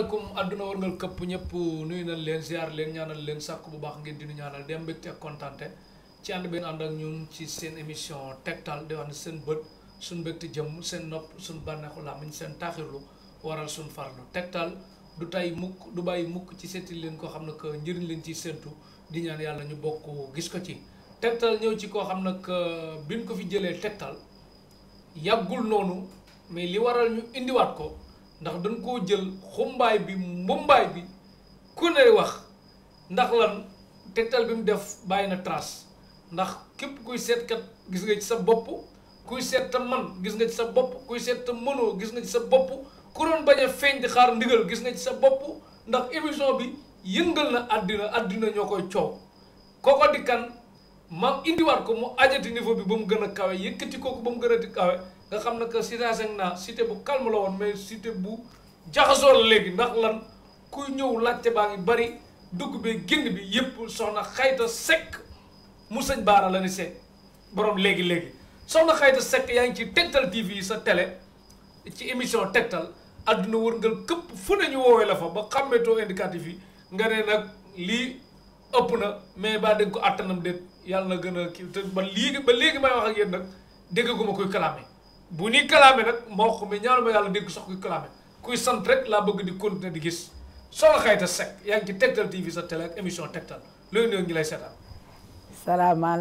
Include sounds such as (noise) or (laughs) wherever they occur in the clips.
asalaamaaleykum àdduna warngal këpp ñëpp nuyu nañ leen ziar leen ñaanal leen sàkk bu baax ngeen di nu ñaanal dem mbégte ak kontante ci ànd benn ànd ak ñun ci seen émission tegtal di wax ne seen bët suñ mbégte jëmm seen nopp suñ bànneexu làmmiñ seen taaxirlu waral suñ farlu tegtal du tay mukk du bàyyi mukk ci seeti leen koo xam ne que njëriñ leen ci séntu di ñaan yàlla ñu bokk gis ko ci tegtal ñëw ci koo xam ne que biñ ko fi jëlee tegtal yàggul noonu mais li waral ñu indiwaat ko ndax dañ koo jël xumbaay bi mbumbaay bi ku ne wax ndax lan tegtal bi mu def bàyyi na tras ndax képp kuy seetkat gis nga ci sa bopp kuy seet te man gis nga ci sa bopp kuy seet te mënoo gis nga sa bopp ku doon bañ a feeñ di xaar ndigal gis nga ci sa bopp ndax émission bi yëngal na àddina àddina ñoo koy coow kooko di kan ma indiwaat ko mu ajati niveau bi ba mu gën a kawe yëkkati kooku ba mu gën a di kawe nga xam ne que cité Asegna cité bu calme la woon mais cité bu jaxasoo la léegi ndax lan kuy ñëw laajte baa ngi bari dugg bi génn bi yëpp soxna xayta sekk mu sëñ baara la ni see borom léegi léegi soxna xayta sekk yaa ngi ci Tektal TV sa tele ci émission tegtal àdduna wërngal këpp fu ne ñu woowee la fa ba xàmmeetoo indicatif yi nga ne nag lii ëpp na mais baa dégg ko àttanam déet yàlla na gën a kii te ba léegi ba léegi may wax ak yéen na déggaguma koy kalaame bu ñuy kalaame nag moo xam ne ñaanu ma yàlla dégg sox kuy kalaame kuy sant rek laa bëgg di kont di gis Soxna Xayta Seck yaa ngi ci Tektal TV sa télé ak émission Tektal loolu noonu ngi lay seetaan. maa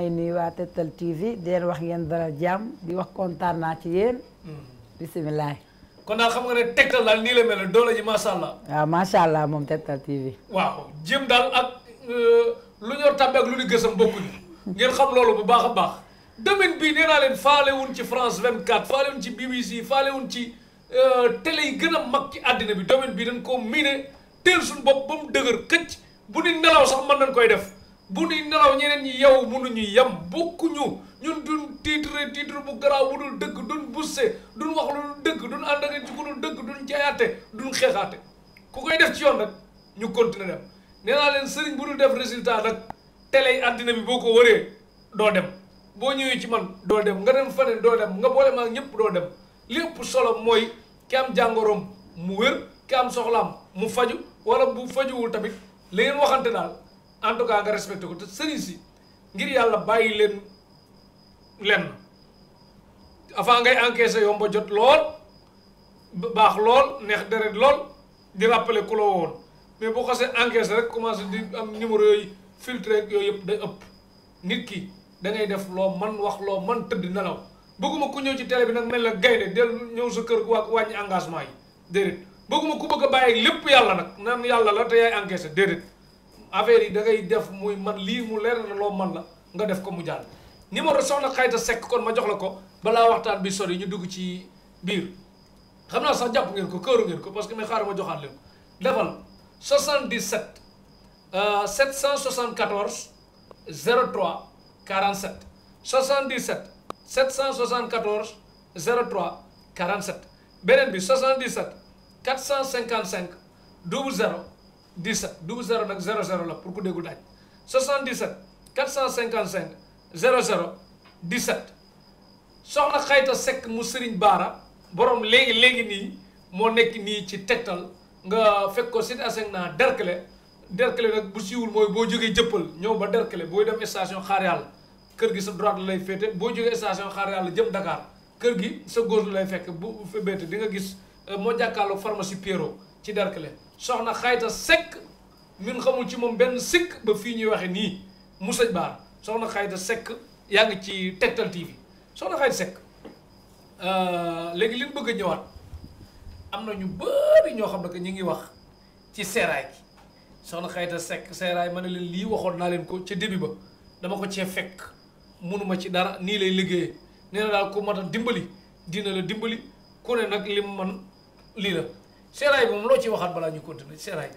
ngi nuyu waa Tektal TV di wax ngeen dara jàmm wax kontaan naa ci yéen. Hmm. bisimilah. kon daal xam nga ne Tektal daal nii la mel ne doole ji macha allah. waaw macha allah moom Tektal TV. waaw jëm daal ak euh, lu ñor tàmbee ak lu ñu gësam bokkuñu ngeen xam loolu bu baax a baax. domaine bii nee naa leen faale wuñ ci France 24 faale wuñ ci BBC faale wuñ ci euh, télé yi gën a mag ci àddina bi domaine bii dañ koo miine teel suñu bopp ba mu dëgër këcc bu ni nelaw sax mën nañ koy def bu ni nelaw ñeneen ñi yow mënuñu yem bokkuñu ñun duñ titre titre bu garaaw bu dul dëgg duñ busse duñ wax lu dul dëgg duñ ànd ak ci ku dul dëgg duñ jaayaate duñ xeexaate ku koy def ci yoon nag ñu continuer dem leen sëriñ bu dul résultat nag télé yi bi boo ko wëree doo dem boo ñëwee ci man doo dem nga dem faneen doo dem nga boole ma ñëpp doo dem lépp solo mooy ki am jàngoroom mu wér ki am soxlaam mu faju wala bu fajuwul tamit li ngeen waxante daal en tout cas nga respecté ko te sëriñ si ngir yàlla bàyyi leen lenn avant ngay encaissé yomba jot lool baax lool neex deret lool di rappeler ku la woon mais boo xasee encaissé rek commencé di am numéro yooyu filtre yooyu yëpp day ëpp nit ki. da ngay def loo man wax loo man tëdd nelaw bëgguma ku ñëw ci télé bi nag mel la gaynde del ñëw sa kër waa wàññi engagement yi déedéet bëgguma ku bëgg a bàyyi lépp yàlla nag nan yàlla la te yaay encaissé déedéet affaire yi da ngay def muy man lii mu leer na loo man la nga def ko mu jàll numéro soxna Xayta sekk kon ma jox la ko balaa waxtaan bi sol sori ñu dugg ci biir xam naa sax jàpp ngeen ko këru ngeen ko parce que mais xaaral ma joxaat leen ko defal 77 774 euh, 47 77 774 03 47 beneen bi 77 455 00 17 00 nag 00 la pour ku déggu daaj 77 455 00 17 soxna xayta sekk mu sëriñ baara borom léegi léegi nii moo nekk nii ci tegtal nga fekk ko site aseng naa derkle Derklé nag bu siiwul mooy boo jógee jëppal ñëw ba Derklé booy dem station xaar kër gi sa droite lay féete boo jógee station xaar yàlla jëm Dakar kër gi sa gauche lay fekk bu fébéete di nga gis euh, moo jàkkaarloog pharmacie Pierrot ci Derklé soxna xayta sekk min xamul ci moom benn sikk ba fii ñuy waxe nii mu sëñ baar soxna xayta sekk yaa ngi ci Tektal TV soxna xayta sekk euh, léegi li bëgg a ñëwaat am na ñu bëri ñoo xam ne que ñu ngi wax ci seeraay soxna Xayta Seck seeraay ma ne leen lii waxoon naa leen ko ca début ba dama ko cee fekk mënuma ci dara nii lay liggéeyee nee na daal ku mat dimbali dina la dimbali ku ne nag lim man lii la moom loo ci waxaat balaa ñu continuer seeraay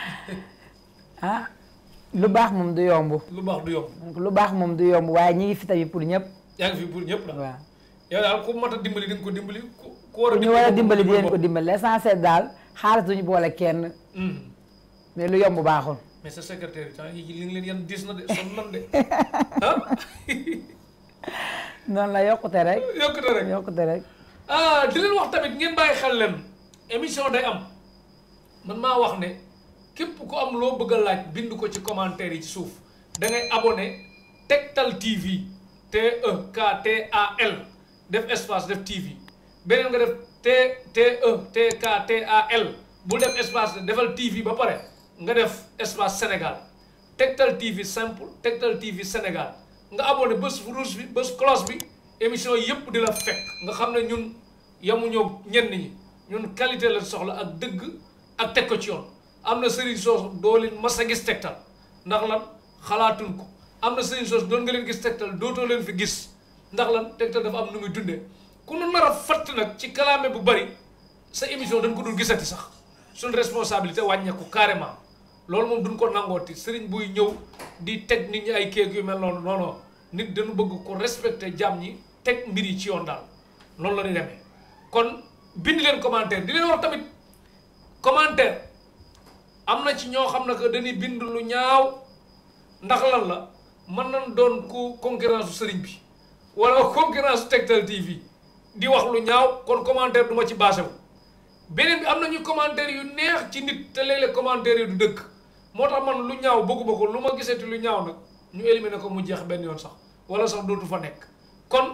(laughs) ah, lu baax moom du yomb. lu baax du yomb. lu baax moom du yomb waaye ñi ngi fi tamit pour ñëpp. yaa ngi fi ñëpp daal waaw. yow daal ku a dimbali di nga ko dimbali ku. ku war a dimbali di ngeen ko dimbali l'essentiel daal xaalis duñu boole kenn. Mm. mais lu yomb baaxul. mais sa secrétaire yi li nga leen yan na de sonn nan de (laughs) (laughs) noonu la yokkute rek. yokkute rek yokkute rek. ah di leen wax tamit ngeen bàyyi xel leen émission day am man maa wax ne képp ko am loo bëgg a laaj bind ko ci commentaire yi suuf da ngay abonné Tektal TV T E K T A L def espace def TV beneen nga def te te E T K T A L bul def espace defal TV ba pare. nga def espace Sénégal tegtal TV simple tegtal TV Sénégal nga abonné bés rouge bi bés cloche bi émission yëpp di la fekk nga xam ne ñun yamuñoo ñenn ñi ñun qualité la soxla ak dëgg ak teg ko ci yoon am na sëriñ soos doo leen mas a gis Tektal ndax lan xalaatul ko am na sëriñ soos doon nga leen gis Tektal dootoo leen fi gis ndax lan Tektal dafa am nu muy dundee ku nu nar a fatt nag ci kalaame bu bari sa émission dañ ko dul gisati sax suñ responsabilité wàññeeku carrément loolu moom duñ ko nangooti sëriñ buy ñëw di teg nit ñi ay kéeg yu mel noonu non nit dañu bëgg ko respecté jaam ñi teg mbir yi ci yoon daal noonu la ñuy demee kon bind leen commentaire di leen wax tamit commentaire am na ci ñoo xam ne que dañuy bind lu ñaaw ndax la mën nañ doon ku concurrence sëriñ bi wala (laughs) concurrence Tektal TV di wax lu ñaaw kon commentaire duma ma ci baasewu beneen bi am nañu commentaire yu neex ci nit te léeg-léeg commentaire yi du dëkk moo tax man lu ñaaw bëgguma ko lu ma gisee gisati lu ñaaw nag ñu éliminer ko mu jeex benn yoon sax wala sax dootu fa nekk kon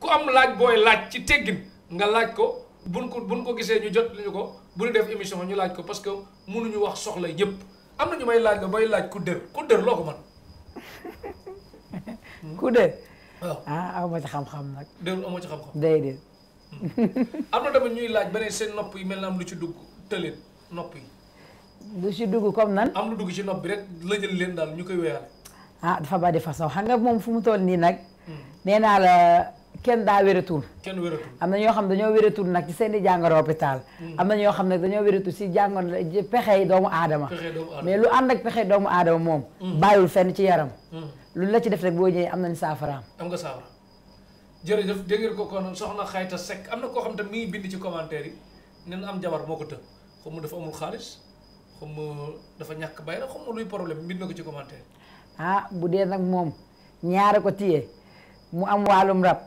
ku am laaj booy laaj ci teggin nga laaj ko buñ ko buñ ko gisee ñu jot ñu ko bu ñu def émission ñu laaj ko parce que mënuñu wax soxla yëpp am na ñu may laaj la bay laaj ku dër loo ko mën. (laughs) ku dër. waaw ah amoo ci ci xam-xam. déedéet. Hmm. am ñuy laaj ba ne seen nopp yi mel na am lu ci dugg tëleen nopp yi. lu ci dugg comme nan. am lu dugg ci nopp bi rek lëjël leen daal ñu koy wéyal. ah dafa bari façon xam nga moom fu mu toll nii nag. Hmm. nee naa la kenn daa weratul kenn wératul am na ñoo xam dañoo wératul nag seen i jàngoro hmm. am na ñoo xam ne dañoo wératul si la pexe doomu aadama. mais lu ànd ak pexe doomu aadama moom. Hmm. bàyyiwul fenn ci yaram. lu la ci def rek boo ñëwee am nañ saafaraam. am nga saafara jërëjëf dégg ngeen ko kon soxna Xayta Seck am na koo xam te mi ngi bind ci commentaire yi ne am jabar moo ko të xaw ma dafa amul xaalis xam dafa ñàkk bay rek xam nga luy problème mbind na ko ci commentaire. ah bu dee nag moom ñaar ko téye mu am wàllum rab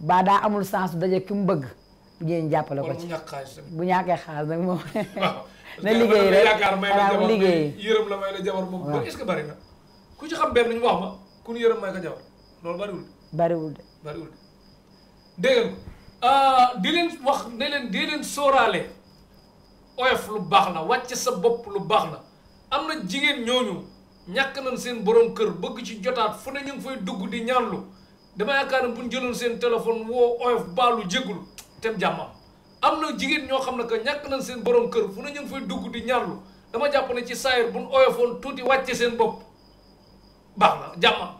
ba daa amul sens daje ki mu bëgg bu ñëwee jàppale ko ci bu ñàkkee xaalis nag moom. (laughs) na liggéey rek xanaa liggéey yërëm la may la jabar moom est-ce bari na ku ci xam benn ñu wax ma ku yërëm may ko jabar loolu bariwul. bariwul de bariwul de dégg nga ah, di leen wax oyof lu baax na wàcc sa bopp lu baax na am na jigéen ñooñu ñàkk nañ seen borom kër bëgg ci jotaat fu ne ñu ngi fay dugg di ñaanlu dama yaakaar ne bu ñu seen téléphone woo oyof baalu jégul tem jàmmam am na jigéen ñoo xam ne que ñàkk nañ seen borom kër fu ne ñu ngi fay dugg di ñaanlu dama jàpp ne ci saayir bu ñu oyofoon tuuti wàcce seen bopp baax na jàmmam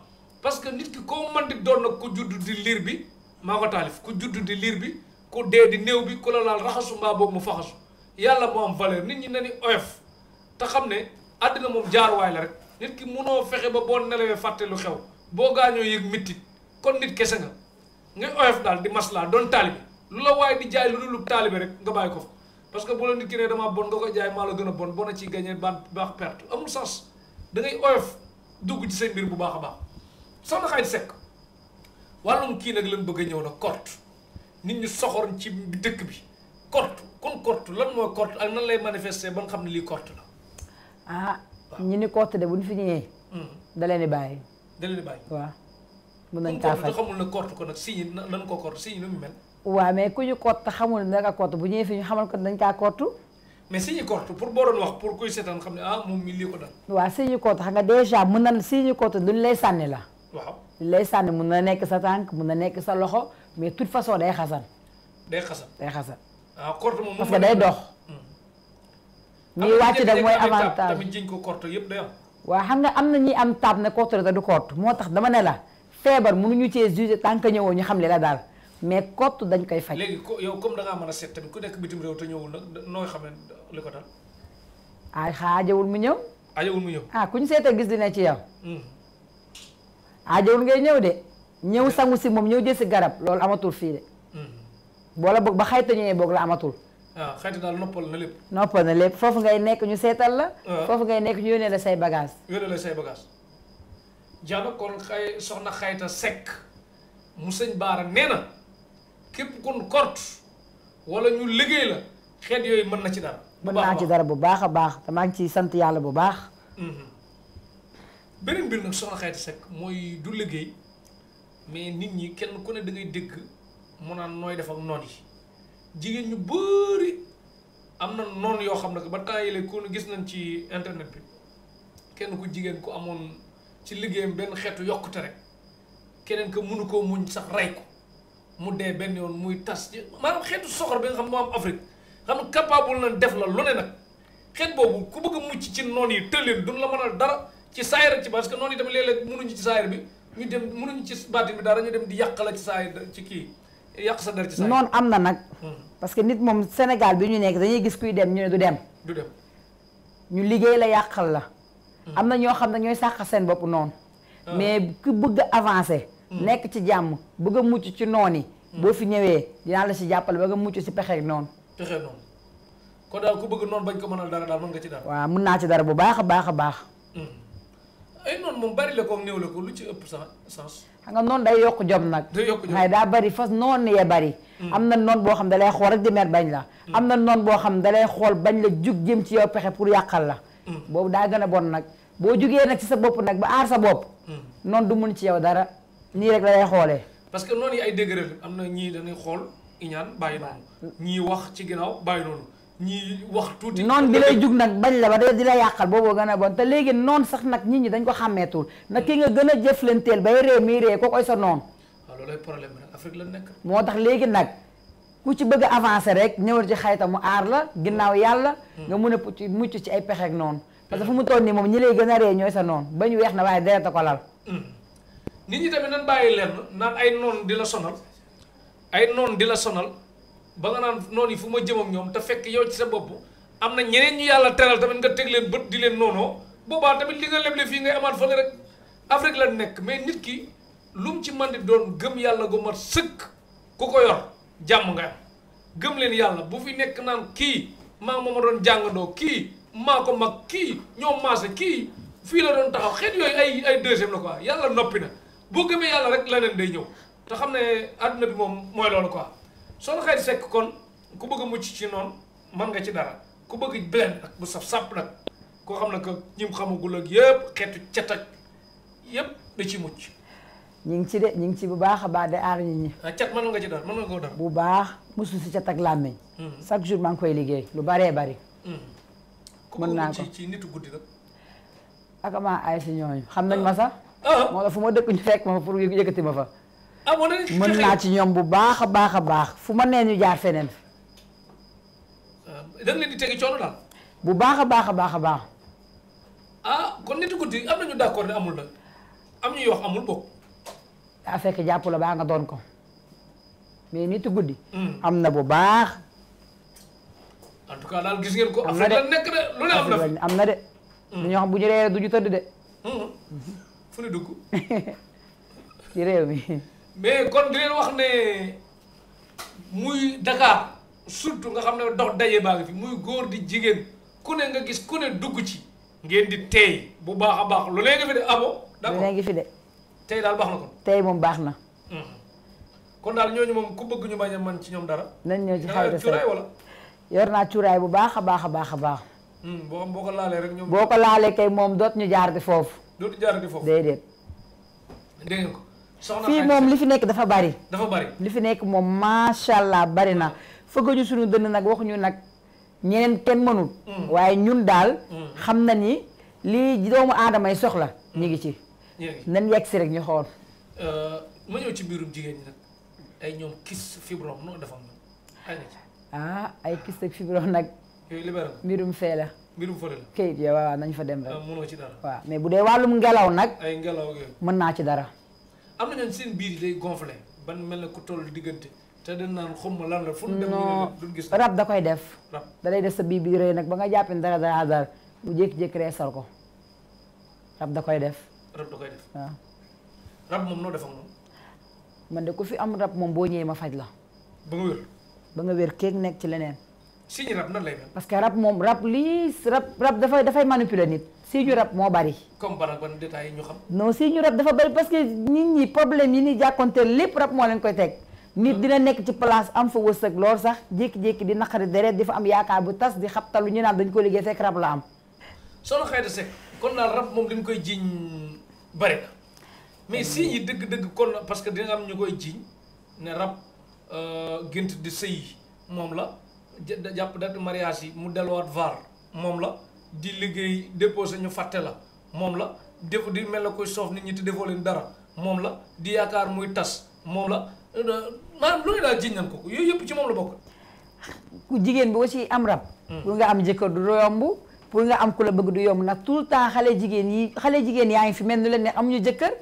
parce que nit ki koo man di doon nag ku judd di liir bi maa ko taalif ku judd di liir bi ku dee di néew bi ku la laal raxasu mbaa boobu mu faxasu yàlla moo am valeur nit ñi na ni oyof te xam ne àddina moom waay la rek nit ki munoo fexe ba boo nelawee fàtte lu xew boo gaañoo yëg mittit kon nit kese nga ngay oyof daal di maslaa doon taalibe lu la waaye di jaay lu dul taalibe rek nga bàyyi ko fa parce que bu la nit ki ne damaa bon nga ko jaay maa la gën a bon bon a ciy gagné ban baax perte amul sens da oyof dugg ci seen mbir bu baax a baax soxna Xadi Sekk wàllum kii nag lañ bëgg a ñëw nag kort nit ñu soxor ci dëkk bi kon korte lan mooy korte ak nan lay manifester ba nga xam ne lii korte la. ah ñi ni korte de bu ñu fi ñëwee. Hmm. da leen di bàyyi. da leen di waaw. mun nañ kaa fay xamul ne korte ko nag signe nan ko korte signe nu mu mel. waaw ku ñu korte xamul ne danga bu ñëwee fi ñu xamal ko dañ kaa korte. mais signe korte pour boo doon xam ne ah moom mii lii ko dal. nga dèjà mun na signe korte duñ lay sànni la. lay sànni mun na nekk sa tànk mun na nekk sa loxo mais toute façon day xasan. day xasan day xasan. Ah, parce que day dox. ñuy wàcc da mooy avantage tamit ko korte yëpp day am. xam nga am na ñi am taab na korte te du korte moo tax dama ne la feebar mënuñu cee jugé tant que ñëwoo ñu xam ne la daal mais korte dañ koy faj. léegi ko yow comme da ngaa a seet ku nekk bitim réew te ñëwul nag nooy xam ne li ko dal. ay xaajawul mu ñëw. aajawul mu ñëw ah ku ñu seetee gis dina ci yow. Hmm. aajawul ngay ñëw de. ñëw eh. sangu si moom ñëw jël si garab loolu amatul fii de. boola boog ba xayta ñëwee boog la amatul. waaw ah, xayta daal noppal na lépp. noppal na lépp foofu ngay nekk ñu seetal la. Ah. foofu ngay nekk ñu yónnee la say bagage yónnee la say bagage jaana kon soxna xayta sekk mu sëñ baara nee na képp kon kort wala ñu liggéey la xeet yooyu mën na ci dara. mën naa ci dara bu baax a baax te ngi ciy sant yàlla bu baax. Mm-hmm. beneen mbir nag soxna xayta sekk mooy du liggéey mais nit ñi kenn ku ne da ngay dégg. mu naan nooy def ak noon yi jigéen ñu bëri am na noon yoo xam ne que ba temps koo ku gis nañ ci internet bi kenn ku jigéen ko amoon ci liggéeyam benn xeetu yokkute rek keneen que munu koo muñ sax rey ko mu dee benn yoon muy tas ci maanaam xeetu soxor bi nga xam moo am Afrique xam nga capable nañ def la lu ne nag xeet boobu ku bëgg a mucc ci noon yi du duñ la mënal dara ci saayir ci parce que noon yi tamit léeg-léeg mënuñu ci saayir bi ñu dem mënuñu ci baatin bi dara ñu dem di yàq la ci ci kii yàq sa der ci am na nag. Hmm. parce que nit moom Sénégal bi ñu nekk dañuy gis kuy dem ñu ne du dem. ñu liggéey la yàqal la. Hmm. am na ñoo xam ne ñooy sàq seen bopp noonu. Ah. mais ku bëgg avancé hmm. nekk ci jàmm bëgg a mucc ci noon yi. boo fi ñëwee dinaa la si jàppale ba nga mucc si pexe noonu. pexe noonu kon daal ku bëgg noonu bañ ko mënal dara daal mën nga ci dara. waaw mën naa ci dara bu baax a baax a baax. ay noonu lu ci ëpp sens. xam nga noonu day yokk jom nag waaye daa bari fas noon yee bari mm. am na noon boo xam da lay xool rek di mer bañ la mm. na noon boo xam da lay xool bañ la jug jëm ci yow pexe pour yàqal la mm. boobu daa gën a bon nag boo jugee nag ci sa bopp nag ba aar sa bopp noon du mun ci yow dara nii rek la lay xoolee parce que noonu yi ay degré am na ñii dañuy xool iñaan bàyyi noonu ñii wax ci ginnaaw bàyyi noonu ñi wax tuuti. noon bi lay jug nag bañ la ba de di la yàqal booboo gën a bon te léegi noon sax nag nit ñi dañ ko xàmmeetul na ki nga gën a jëflanteel bay ree mii ree ko koy sa noon waaw loolay problème la nekk. moo tax léegi nag ku ci bëgg a rek ñëwal ci xayta mu aar la ginnaaw yàlla. Hmm. nga mun a mucc ci ay pexeeg noonu. parce que hmm. fu mu toll nii moom ñi lay gën a ree ñooy sa noon ba ñu weex na waaye deret a ko lal. Hmm. nit ñi tamit nan bàyyi leen naan di la sonal ay noon di la sonal. ba nga naan noon yi fu ma jëm ñoom te fekk yow ci sa bopp am na ñeneen ñu yàlla teral tamit nga teg leen bët di leen noonoo boobaa tamit li nga leble fii ngay amaat fële rek Afrique la nekk mais nit ki lu ci man di doon gëm yàlla gu mat sëkk ku ko yor jàmm nga gëm leen yàlla bu fi nekk naan kii maa ma ma doon jàngandoo kii maa ko mag kii ñoom maase kii fii la doon taxaw xeet yooyu ay ay deuxième la quoi yàlla noppi na boo gëmee yàlla rek leneen day ñëw te xam ne àdduna bi moom mooy loolu quoi Soxna Xadi Sekk kon ku bëgg a mucc ci noonu man nga ci dara ku bëgg benn ak bu saf sàpp nag koo xam ne que ñim xamagul ak yëpp xeetu cet ak yëpp da ci mucc. ñu ngi ci de ñu ngi ci bu baax a baax de aar nit ñi. Ah, cat mën nga ci dara mën nga koo dara. bu baax musu si cat ak làmmiñ. Hmm. chaque jour maa ngi koy liggéey lu baree bari. Hmm. mën naa ko ci nitu guddi la ak maa ay si ñooñu xam nañ ma ah. sax. Ah. moo la fu ma dëkk ñu fekk ma pour yëkkati ma fa. ah mën naa ci ñoom bu baax a baax a baax fu ma nee ñu jaar feneen. Ah, da nga leen di bu baax a baax a baax a baax. ah kon nit ku guddi am nañu d'accord ne amul la am ñuy wax amul bokk. daa fekk jàpp la baa nga doon ko mais nit guddi. Hmm. am na bu baax. en tout cas daal am na de affaire la nekk de lu am na. am na hmm. bu ñu reeree du ñu tëdd de. Hmm. fu ñu dugg. (laughs) ci mi. mais kon di leen wax ne muy Dakar surtout nga xam ne dox daje baa ngi fi muy góor di jigéen ku ne nga gis ku ne dugg ci ngeen di teey bu baax a baax lu léegi fi de abo d'accord lu léegi fi de tey daal baax na kon tey moom baax na hmm. kon daal ñooñu moom ku bëgg ñu bañ a man ci ñoom dara nañ ñoo ci xayda cuuraay wala yor naa cuuraay bu baax a baax a baax a baax hmm, boo boo ko laalee rek ñoom boo ko laalee kay moom doot ñu jaar di foofu dootu jaar di foofu déedéet dégg nga ko fii moom li fi nekk dafa bari dafa li fi nekk moom macha allah bari na fëgguñu suñu dënn nag waxuñu nag ñeen kenn mënul mm. waaye ñun daal mm. xam na ni lii doomu aadamay soxla ñu ngi ci mm. nan yegg si rek ñu xool euh, ma ñëw ci mbirum jigéen ñi nag ay ñoom kis fibrom ah ay kis ak fibrom nag mbirum fee la mbirum fële la kayit yow waaw nañ fa dem rek ah, mënoo ci waaw mais bu dee wàllum ngelaw nag ngelaw mën naa ci dara am nañu seen biir yi day gonflé ban mel na ku toll diggante te dañ naan xaw lan la. fu mu dem duñ gis rab da koy def. rab da sa biir bi rëy nag ba nga jàpp ne dara dara dara mu jékki-jékki reesal ko rab da koy def. rab da koy def rab moom noo man de ku fi am rab moom boo ñëwee ma faj la. ba nga wér. nekk ci leneen. si rab que rab moom rab lii rab dafay dafay manipuler nit. si ñu rab moo bari. comme ban ak ban détail yi ñu xam. non si ñu rab dafa bari parce que nit ñi problème yi ni jàkkonteel lépp rab moo leen koy teg. nit hmm. dina nekk ci place am fa wërsëg lool sax jékki-jékki di naqari deret di fa am yaakaar bu tas di xabtalu ñu naan dañ ko liggéey fekk rab la am. soxna Xayda Seck kon daal rab moom li mu koy jiiñ bari mais si dëgg-dëgg kon parce que dina am ñu koy jiiñ ne rab euh, gént di sëy moom la jàpp date mariage yi mu delluwaat vaar moom la. di liggéey déposé ñu fàtte la moom la def di mel na koy soof nit ñu te defoo leen dara moom la di yaakaar muy tas moom la euh, maanaam lu ne daal jiñ nañ ko yooyu yëpp ci moom la bokk. ku jigéen bi aussi am rab. Hmm. pour nga am jëkkër du yomb. pour nga am ku la bëgg du yomb nag tout le temps xale jigéen yi xale jigéen yaa ngi fi mel ni leen ne amuñu jëkkër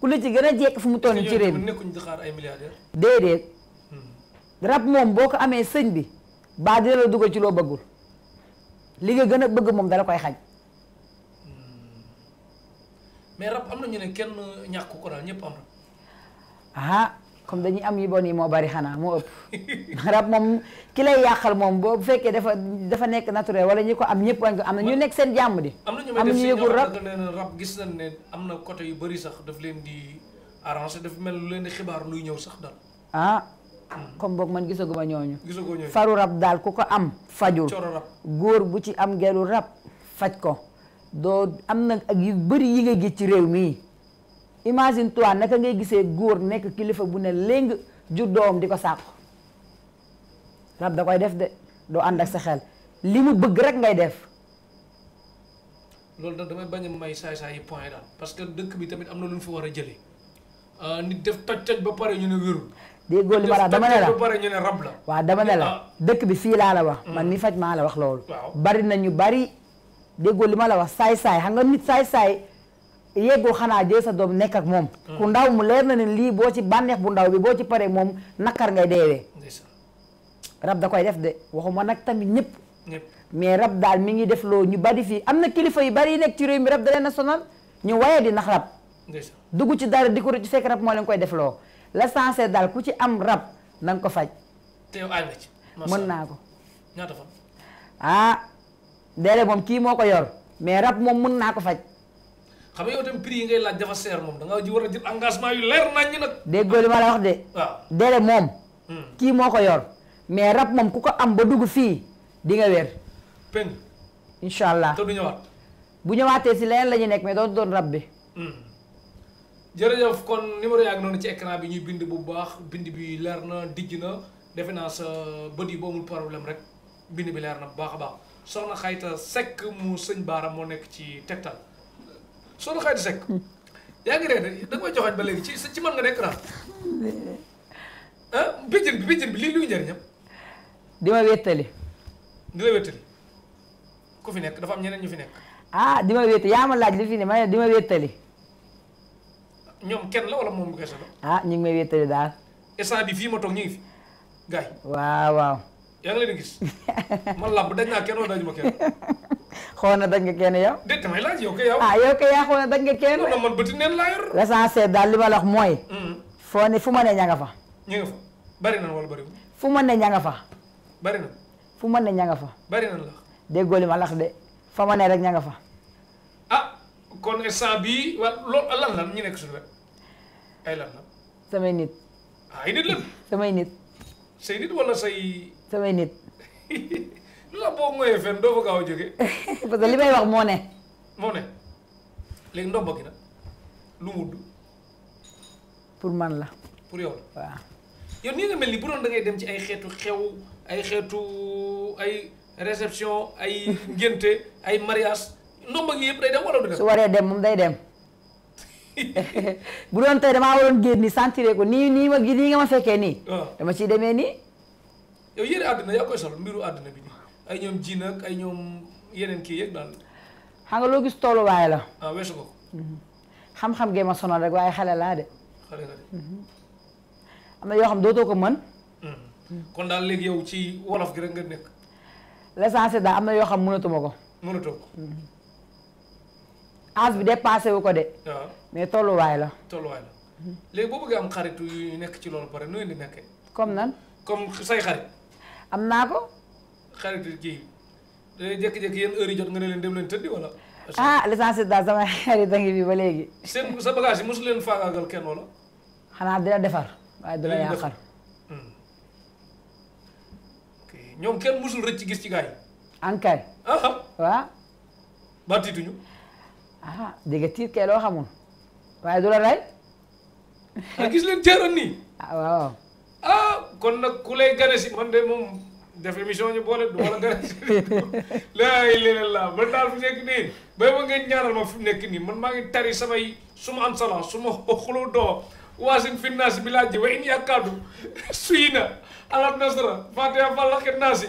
ku la ci gën a jekk fu mu toll ci réew mi nekkuñu di ay milliardaires. déedéet hmm. rab moom boo ko amee sëñ bi baa dina la ci loo bëggul. li nga gën a bëgg moom dala koy xañ hmm. mais rab am na ñu ne kenn ñàkk ko daal ñëpp am na. ah comme dañuy am yu bon yi moo bari xanaa moo ëpp (laughs) rab moom ki lay yàqal moom boo bu fekkee dafa dafa nekk naturel wala ñi ko am ñëpp wañ am na ñu nekk seen jàmm di. am na ñu yëgul rab rab gis nañ ne am na côté yu bari sax daf leen di arranger daf mel leen di xibaar luy ñëw sax dal ah. comme boog man gisaguma ñooñu faru rab daal ku ko am fajul góor bu ci am gelu rab faj ko doo am na yu bëri yi nga gis ci réew mii imagine toi naka ngay gisee góor nekk kilifa bu ne léng jur doom di ko sàkku rab da koy def de doo ànd ak sa xel li mu bëgg rek ngay def lool nag damay bañ a may saay-saay yi point daal parce que dëkk bi tamit am na lu ñu fi war a jële euh, nit def toj toj ba pare ñu ne wérul déggoo li ma la dama ne la waaw dama la ah. dëkk bi fii laa la wax mm. man mi faj maa la wax loolu bari na ñu bari déggoo li ma la wax saay-saay xam nga nit saay-saay yeggoo xanaa jël sa doom nekk ak moom mm. ku ndaw mu leer na ne lii boo ci bànneex bu ndaw bi boo ci paree moom nakar ngay deewee da koy def de waxuma nag tamit ñëpp mais rab daal mi ngi def loo ñu bari fii am na kilifa yu bari yi nekk ci réew mi rab da leen a sonal ñu waye di nax rab dugg ci dara di ko ci fekk rab moo leen koy def loo l'essentiel daal ku ci am rab na ko faj. te yow mën naa ko. ñaata fan. ah déedéet moom kii moo ko yor mais rab moom mën naa ko faj. xam nga yow tam prix yi ngay laaj dafa seer moom da nga war a jël engagement yu leer nañ ñu nag. déggoo ma wax de. Hmm. kii moo ko yor mais rab moom ku ko am ba dugg fii dinga nga wér. peng. incha allah te ñëwaat. bu ñëwaatee si leneen la ñu nekk mais doon doon rab bi. Hmm. jërëjëf kon numéro yaa ngi noonu ci écran bi ñuy bind bu baax bind bi leer na dijj na defe naa sa bët yi ba amul problème rek bind bi leer na bu baax a baax soxna Xayta Seck mu sëñ baaram moo nekk ci Tektal soxna Xayta Seck. yaa ngi ree da nga may ba léegi ci ci mën nga nekk ra ah bi béjjën bi lii luy njëriñam. di ma wéttali. di la wéttali ku fi nekk dafa am ñeneen ñu fi nekk. ah di ma wéttali yaa ma laaj li fi ne ma di ma wéttali. ñoom kenn la wala moom bu kese la. ah ñu ngi may wéttali daal. instant bi fii ma toog ñu ngi fi gars waaw waaw. yaa ngi leen di gis (laughs) man làmb dañ naa kenn wala dañu kenn. (laughs) xawoon na dañ nga kenn yow. de damay laaj yow kay yow. ah yow kay yaa dañ nga kenn. non non man bëti neen laa yor. daal li ma mooy. Mm-hmm. foo ne fu ma ne ña nga fa. ña nga fa bari nan fu ma ne ña nga fa. bari nan. fu ma nga fa. bari nan la. déggoo li ma lax de fa ma ne rek ña nga fa. ah kon instant bii wala loolu lan lan ñu nekk suñu rek. ay lan la. samay nit. Ah, ay nit lan. samay nit. say nit wala say. samay nit. lu la boo ngoyee fenn doo fa gaaw a jógee. parce que li may wax moo ne. moo ne léegi ndomba gi nag lu mu pour man la. pour yow la waaw. yow nii nga mel ni bu doon da ngay dem ci ay xeetu xew ay xeetu ay réception ay ngénte (laughs) ay mariage ndomba gi yëpp day dem wala du dem. su waree dem moom day dem. bu doon tey damaa waroon génn ni sentir ko nii nii ma nii nga ma fekkee nii. dama ciy demee nii. yow yére àddina yaa koy sol mbiru àddina bi ay ñoom ji ay ñoom yeneen kii yëg daal. xam nga loo gis tooluwaay la. ah weesu ko. ma sonal rek waaye xale laa de. xale na yoo xam dootoo ko mën. kon daal léegi yow ci wolof gi rek nga nekk. l'essentiel daal am na yoo xam mënatuma ko. mënatoo ko. âge bi dépassé wu ko de. mais tolluwaay la. tolluwaay la léegi boo bëggee am xaritu yu nekk ci loolu pare nooy di nekkee. comme nan. comme say xarit. am naa ko. xaritu kii dañuy jékki-jékki yéen yi jot leen dem leen tëddi ah, (laughs) a ngi léegi. seen sa bagage yi leen faagaagal kenn wala. xanaa dina defar waaye dina yàqar. Hmm. ñoom kenn musul rëcc gis ci gars yi. ANCAR. ah, ah. tiituñu. ah dégg tiit kay loo xamul. waaye du la rey. ah gis leen teeroon nii. Ah, ah kon nag ku lay gane si man de moom def émission ñu boole du ma la gane si laa (laughs) illallah man daal fi nekk nii bay ma ngeen ñaanal ma fi nekk nii man maa ngi tari samay suma am sala suma xulu doo waasin fi naasi bi laaj ji wa in yàkkaadu (laughs) suy na ala nasra fatiha fallaxi naasi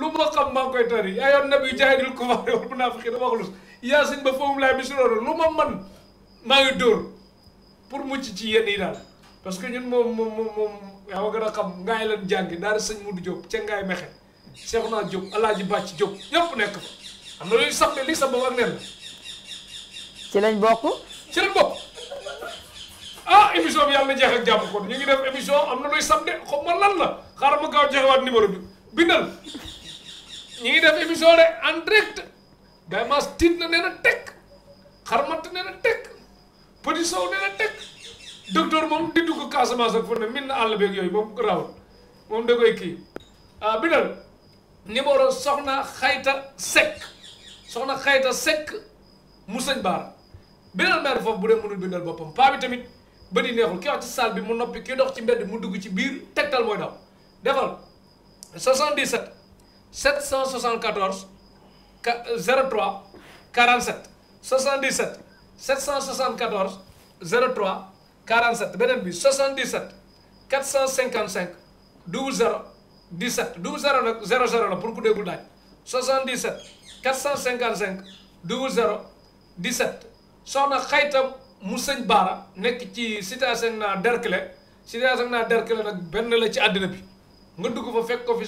lu ma xam maa koy tari yaa yoon nabi jaahidil kufaar wal munaafiqiina waxlus yaasin ba foofu laay bi lu ma man maa pour mucc ci yenn yi daal parce que ñun moom moom moom moom yaa gën a xam ngaay lan jàngi daara sëñ Modou Diop ca ngaay mexe seexu naa Diop alaaji bàcc Diop ñëpp nekk fa am na luy sax li sax boobu ak nen la ci lañ bokk ah jeex ak jàmm kon émission am na luy sam de xaw lan la xaaral ma gaaw bindal ñu ngi def émission de en direct Baye Mass tiit na nee na tekk xarmat nee na petit sow dina teg docteur moom di dugg Casamance ak fu ne min na àll beeg yooyu moom rawul moom da koy kii ah bi soxna xayta Seck soxna xayta Seck mu sëñ baara beneen maire foofu bu dee mënul bindal boppam paa bi tamit ba di neexul ki wax ci salle bi mu noppi ki dox ci mbedd mu dugg ci biir tegtal mooy daw defal 77 774 03 47 77 774 03 47 beneen bi 77 455 00 17 00 nag 00 la pour ku déggu déggul daaj 77 455 00 17 soxna xayta mu sëñ Baara nekk ci cité Asegna Derklé cité Asegna Derklé nag benn la ci àddina bi nga dugg fa fekk ko fi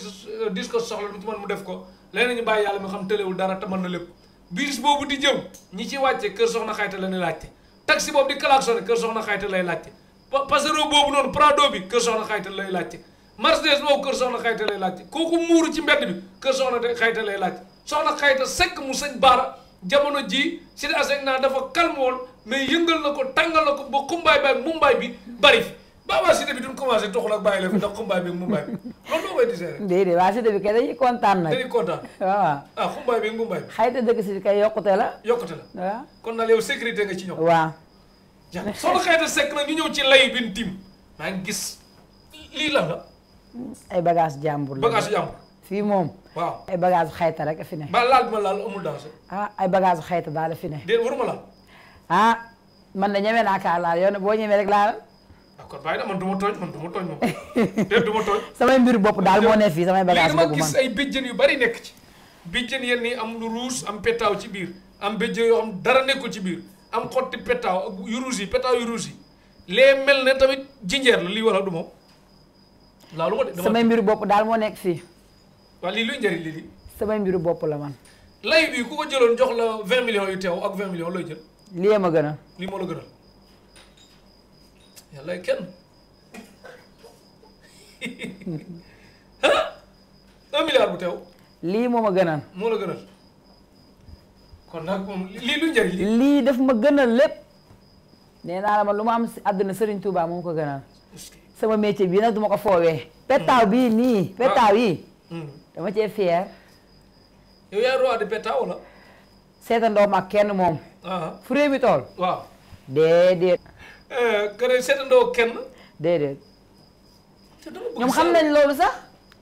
dis ko soxla lu ci mu def ko leneen ñu bàyyi yàlla mi xam tëlewul dara te mën na lépp. biis boobu di jëm ñi ci wàcce kër soxna xayta la ne laajte taxi boobu kalaat klaxonné kër soxna xayta lay laajte pasero boobu noonu prado bi kër soxna xayta lay laajte mercedes boobu kër soxna xayta lay laajte kooku muuru ci mbedd bi kër soxna xayta lay laajte soxna xayta sekk mu sëñ baara jamono jii si di naa dafa calme woon mais yëngal na ko tàngal na ko ba kumbaay baay mumbaay bi bari fi ba waa cité bi duñ commencé toxul ak bàyyi la fi ndax xumbaay bi mumbaay bi loolu moo koy disee rek bi kay dañuy ah, bi la yokkute la waaw kon maa ngi gis lii lan la jàmbur la bagage fii moom waaw ay bagage xayta rek fi ne ba laal bi ma laal amul dansé ah ay bagage xayta daal fi ne déet waruma laal ah man na ñemee naa kaa laal yow boo ñemee rek laal kon bàyyi na man du ma tooñ man du ma tooñ moom du ma tooñ (laughs) samay mbir bopp daal moo ne fii samay bagage boobu yu bari nekk ci béjjën yenn yi am lu ruus am ci biir am béjjën yoo xam dara nekkul ci biir am xotti pétaaw ak yu ruus yi pétaaw yu ruus yi lee mel ne tamit jinjeer la lii wala du moom laalu ma de samay mbiru bopp daal moo nekk fii waaw lii luy njëriñ lii samay mbiru bopp la man lay bi ku ko jëloon jox la vingt millions yu teew ak vingt millions looy jël lii ma gën a lii moo la gën a yàlla kenn (laughs) ah un milliard lii moo ma gënal. moo lii lu njëriñ lii. lii ma gënal lépp nee naa la lu ma am si àdduna Serigne Touba moom ko gënal. sama métier bii nag duma ko foowee. petaaw bii hmm. nii petaaw yi. Hmm. dama cee fier. yaa roi de petaaw la. seetandoo ma kenn moom. fu mi tool. waaw déedéet. Eh, gën seetandoo kenn. déedéet. ñoom xam nañ loolu sax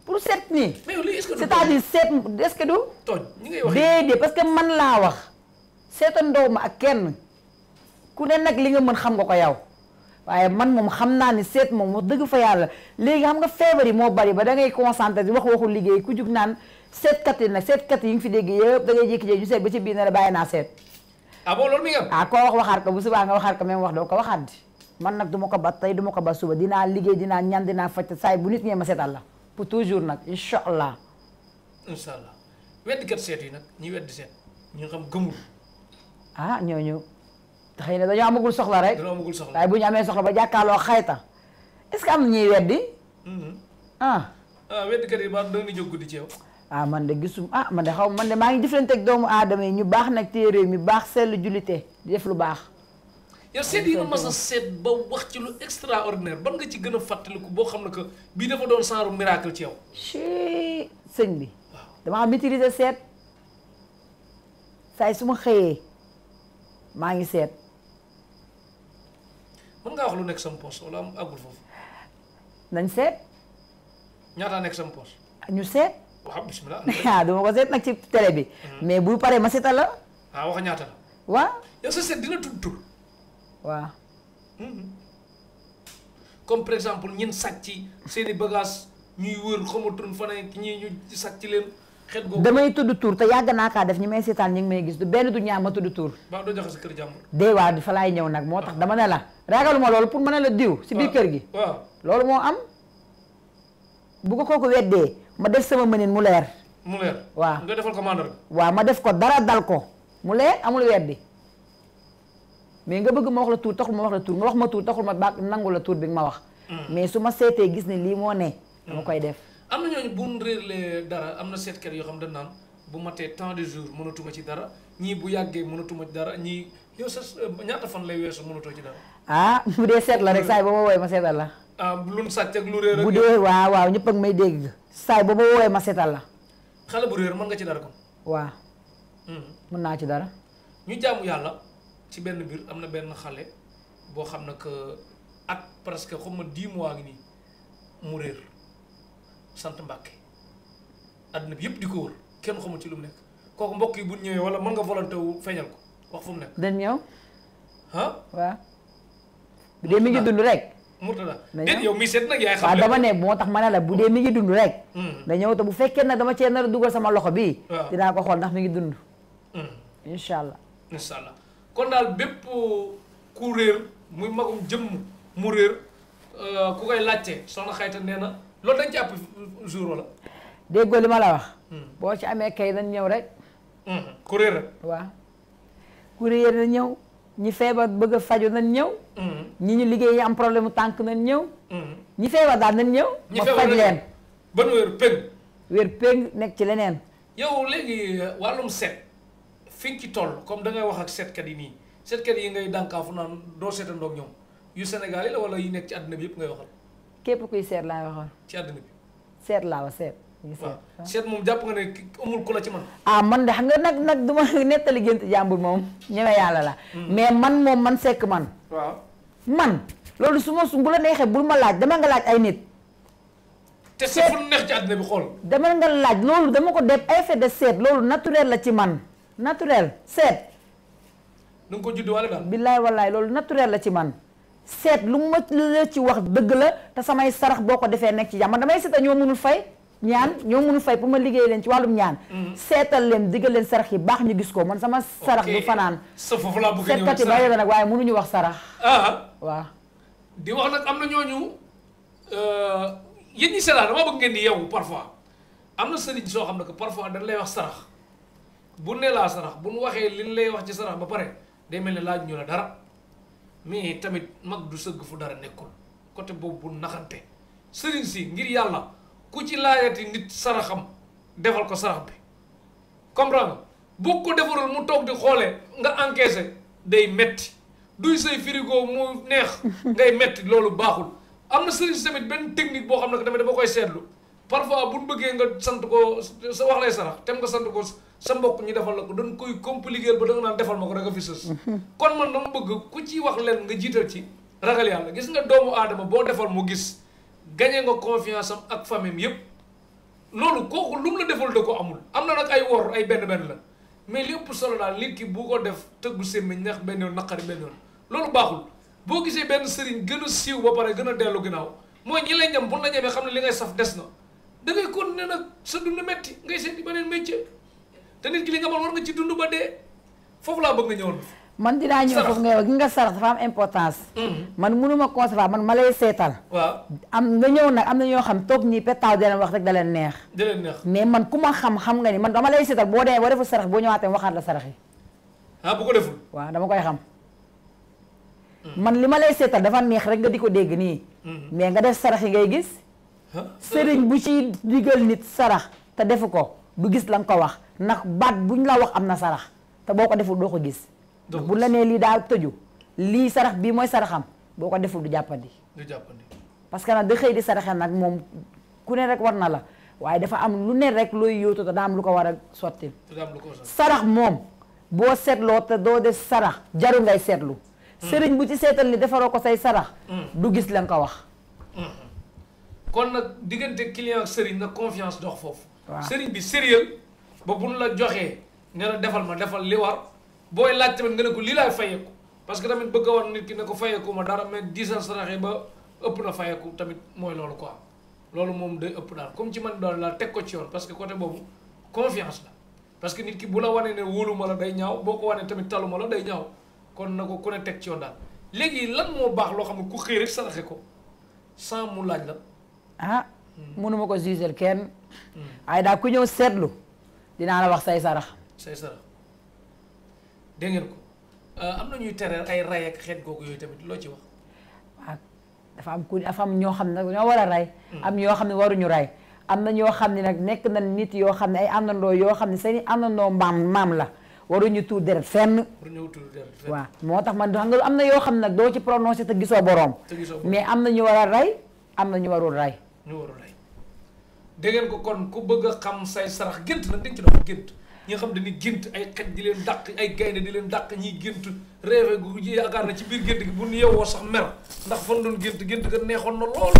pour seet nii. c'est-à-dire seet est-ce que du. tooñ ñi ngay wax déedéet parce que man laa wax seetandoo ma ak kenn ku ne nag li nga mën xam nga ko yow. waaye man moom xam naa ni seet moom wax dëgg fa yàlla léegi xam nga feebar yi moo bari ba da ngay concentré wax waxu liggéey ku jug naan seetkat yi nag seetkat yi ngi fi dégg yëpp da ngay jékki-jékki ñu seet ba ci biir ne la bàyyi naa seet. ah loolu mi ngi am ah koo wax waxaat ko bu subaa nga waxaat ko même wax doo ko waxaat di man nag du ma ko ba tey du ma ko ba suba dinaa liggéey dinaa ñan dinaa faj saay bu nit ñee ma seetal la pour toujours nag incha allah. incha allah weddikat seet yi nag ñi weddi seet ñi xam gëmul. ah ñooñu xëy na dañoo amagul soxla rek. dañoo amagul waaye bu ñu amee soxla ba jàkkaaloo xayta est-ce que am na ñuy weddi. Mm-hmm. ah. ah yi ba doon na jóg guddi ci yow. ah man de gisum ah man de xaw man de maa ngi jëflante ak doomu aadama yi ñu baax nag téye réew mi baax seetlu jullite di def lu baax. yow seet yi nga mas a seet ba wax ci lu extraordinaire ba nga ci gën a fàttaliku boo xam ne que bii dafa doon saaru miracle ci yow. chii sëñ bi. damaa maîtriser seet saay su ma xëyee maa ngi seet. mën ngaa wax lu nekk sama poche wala am àggul foofu. nañ seet. ñaata nekk sama ñu seet. waaw bisimilah. (laughs) ah du ko seet nag ci télé bi. Mm-hmm. mais bu paree ma seetal la. ah wax ñaata la. waaw. sa seet dina tudd tur. waaw. Mm-hmm. comme par exemple ñun i bagages ñuy wër xamatul fan ak ñii ñu sàcc damay tudd tur te yàgg naa kaa def ñi may seetaan ñi ngi may gis du benn du ñaar ma tudd tur. waaw doo joxe sa kër jàmbur. ñëw nag moo tax dama ne la. ragaluma loolu pour ma ne la diw. si biir ah. kër gi. Ah. loolu moo am. bu kooku weddee. ma def sama mënin mu leer. mu leer waaw nga defal ko mandarga. waaw ma def ko dara dal ko mu leer amul weddi mais nga bëgg ma wax la tuur taxul ma wax la tuur nga wax ma tuur taxul ma baax nangu la tuur bi nga ma wax. Hmm. mais su ma seetee gis ne lii moo ne. dama hmm. koy def. am na ñooñu bu ñu réerlee dara am na seetkat yoo xam dañ naan bu matee tant de jours mënatuma ci dara ñii bu yàggee mënatuma dara ñii yow sa ñaata fan lay weesu mënatoo ci dara. ah mu (laughs) dee seet la rek saa yi ba ma woowee ma seetal la. lu mu sàcc ak lu réer bu dee waaw waaw ñëpp ak may dégg saay booba woowee ma seetal la. xale bu réer mën nga ci dara kon. waaw. Hmm. mën naa ci dara. ñu jàmm yàlla ci benn biir am na benn xale boo xam ne que ak presque xaw ma dix mois ngi nii mu réer sant Mbàkke àddina bi yëpp di ko wër kenn xamul ci lu mu nekk kooku mbokk yi bu ñëwee wala mën nga volonté wu feeñal ko wax fu mu nekk. dañ ñëw. ah waaw. dee mi ngi dund rek. Mourtada déet yow mi seet nag dama ne moo tax ma ne la bu dee mi ngi dund rek da hmm. ñëw ta bu fekkee nag dama cee nar a dugal sama loxo bi dinaa ko xool ndax mi ngi dund hmm. incha allah incha kon daal bépp uh, ku réer muy magum jëmm mu réer uh, ku koy laajte soxna xayta nee na loolu dañ ci àpp jour wala déggoo ma la wax hmm. boo ci amee kay dañ ñëw rek ku réer rek ku réer na ñëw ñi feebar bëgg a faju nan ñëw. Mm-hmm. ñi ñu liggéey am problème mu tànk nan ñëw. Mm-hmm. ñi feebar daal na ñëw. ma faj leen ban wér péng. wér péng nekk ci leneen. yow léegi euh, wàllum seet fi ci toll comme da ngay wax ak setkat yi nii setkat yi ngay dànkaafu naan doo seetandoo ak ñoom yu Sénégal yi la wala yi nekk ci àddina bi yëpp ngay waxal. képp kuy seet laay waxal. ci àddina bi. seet laa wa seet. seet moom jàpp nga ne amul ko la ci man ah man de xam nga nag nag du ma (laughs) nettali gént jàmbur moom ñeme yàlla la mm. mais man moom man sekk man waaw man loolu su ma su bu la neexee bul ma laaj dama nga laaj ay nit te seet fu neex ci xool dama nga laaj loolu dama ko def effet de seet loolu naturel la ci man naturel seet da nga ko judd wala daal billaay loolu naturel la ci man seet lu ma la ci wax dëgg la te samay sarax boo ko defee nekk ci jàmm man damay seet a ñoo mënul fay ñaan ñoo mënu fay pour ma liggéey leen ci wàllum ñaan mm-hmm. seetal leen diggal leen sarax yi baax ñu gis ko man sama sarax du fanaan sa foofu laa bëgg a ñëw seetkat yi bari na nag waaye mënuñu sarax ah waaw wax nag am na ñooñu euh, yéen ñi seetaan dama bëgg ngeen di yow parfois am na sëriñ soo xam ne que parfois dañ lay wax sarax bu ne laa sarax bu nu waxee li lay wax ci sarax ba pare day mel ne laaj ñu la dara mais tamit mag du sëgg fu dara nekkul côté boobu bu naxante sëriñ si ngir yàlla ku ci laajati nit saraxam defal ko sarax bi rand bu ko defarul mu toog di xoole nga encaissé day metti duy say frigo mu neex (laughs) ngay metti loolu baaxul am na sëriñ si tamit benn technique boo xam ne tamit dafa koy seetlu parfois bu ñu bëggee nga sant ko sa wax lay sarax tem nga sant ko sa mbokk ñu defal la ko dañ koy compliquer ba da naan defal ma ko rek a fi sës (laughs) kon man dama bëgg ku ci wax leen nga jiital ci ragal yàlla gis nga doomu aadama boo defal mu gis gañe nga confiance am ak famille yëpp loolu kooku lu mu la deful da ko amul am na nag ay wor ay benn benn la mais li ëpp solo daal nit ki bu ko def tëggu sémmiñ ñax benn yoon naqari benn yoon loolu baaxul boo gisee benn sëriñ gën a siiw ba pare gën a dellu ginnaaw mooy ñi lay ñam bu la ñamee xam ne li ngay saf des na da ngay ne nag sa dund metti ngay seeti beneen métier te nit ki li nga mën war nga ci dund ba dee foofu laa bëgg nga ñëwoon. man dinaa ñëw foofu ngay wax gi nga sarax dafa am importance mm-hmm. man mënuma concevoir man ma lay seetal waaw am nga ñëw nag am na ñoo xam toog nii pétaaw di leen wax rek da leen neex da leen mais man ku ma xam xam nga ni man dama lay seetal boo dee boo deful sarax boo ñëwaatee waxaat la sarax yi ah, waaw dama koy xam mm. man li ma lay seetal dafa neex rek nga di ko dégg nii mm-hmm. mais nga def sarax yi ngay gis sëriñ bu ci digal nit sarax te defu ko du gis la nga ko wax ndax baat buñ la wax am na sarax te boo ko deful doo ko gis donc bu la nee lii daal tëju lii sarax bii mooy saraxam boo ko deful du jàppandi. du jàppandi parce que nag da xëy di saraxe nag moom ku ne rek war na la waaye dafa am lu ne rek looy yóotu te daa am lu ko war a sotti. sarax moom boo seetloo te doo def sarax jaru ngay seetlu. Mm. sëriñ bu ci seetal ni defaroo ko say sarax. Mm. du gis la ko wax. Mm. kon nag diggante client ak sëriñ nag confiance dox foofu. waaw sëriñ bi sérieux ba bu ñu la joxee nga la defal ma defal li war. booy laaj tamit nga ne ko lii laay fayeeku parce que tamit bëgg a wan nit ki ne ko fayeeku ma dara mais diisal saraxe ba ëpp na fayeeku tamit mooy loolu quoi loolu moom day ëpp daal comme ci man doon la teg ko ci yoon parce que côté boobu confiance parce que nit ki bu la wanee ne wóoluma day ñaaw boo ko wanee tamit taluma la day ñaaw kon na ko ku ne teg ci yoon daal léegi lan moo baax loo xam ne ku xëy rek saraxe ko sant mu laaj la ah hmm. mënuma ko jugel kenn hmm. ay daal ku ñëw seetlu dinaa la wax say sarax say sarax dégg ngeen ko euh, am na ñuy tere ay ray ak xeet googu yooyu tamit loo ci wax. waaw dafa am ku dafa am ñoo xam ne ñoo war a ray. Hmm. am ñoo xam ne waruñu ray. am na ñoo xam ne nag nekk na nit yoo xam ne ay àndandoo yoo xam ne seen i àndandoo maam maam la waruñu tuur deret fenn. waruñu tuur deret fenn moo tax man xam nga am na yoo xam ne doo ci prononcé te gisoo boroom. mais am na ñu war a rey am na ñu warul rey. ñu warul ko kon ku bëgg a xam sarax gént nag dañ ci doon gént. ñi nga xam dañuy gént ay xaj di leen daq ay gaynde di leen dàq ñiy gént rêve gu yaakaar na ci biir gént gi bu ñu yeewoo sax mer ndax fan doon gént gént ga neexoon na lool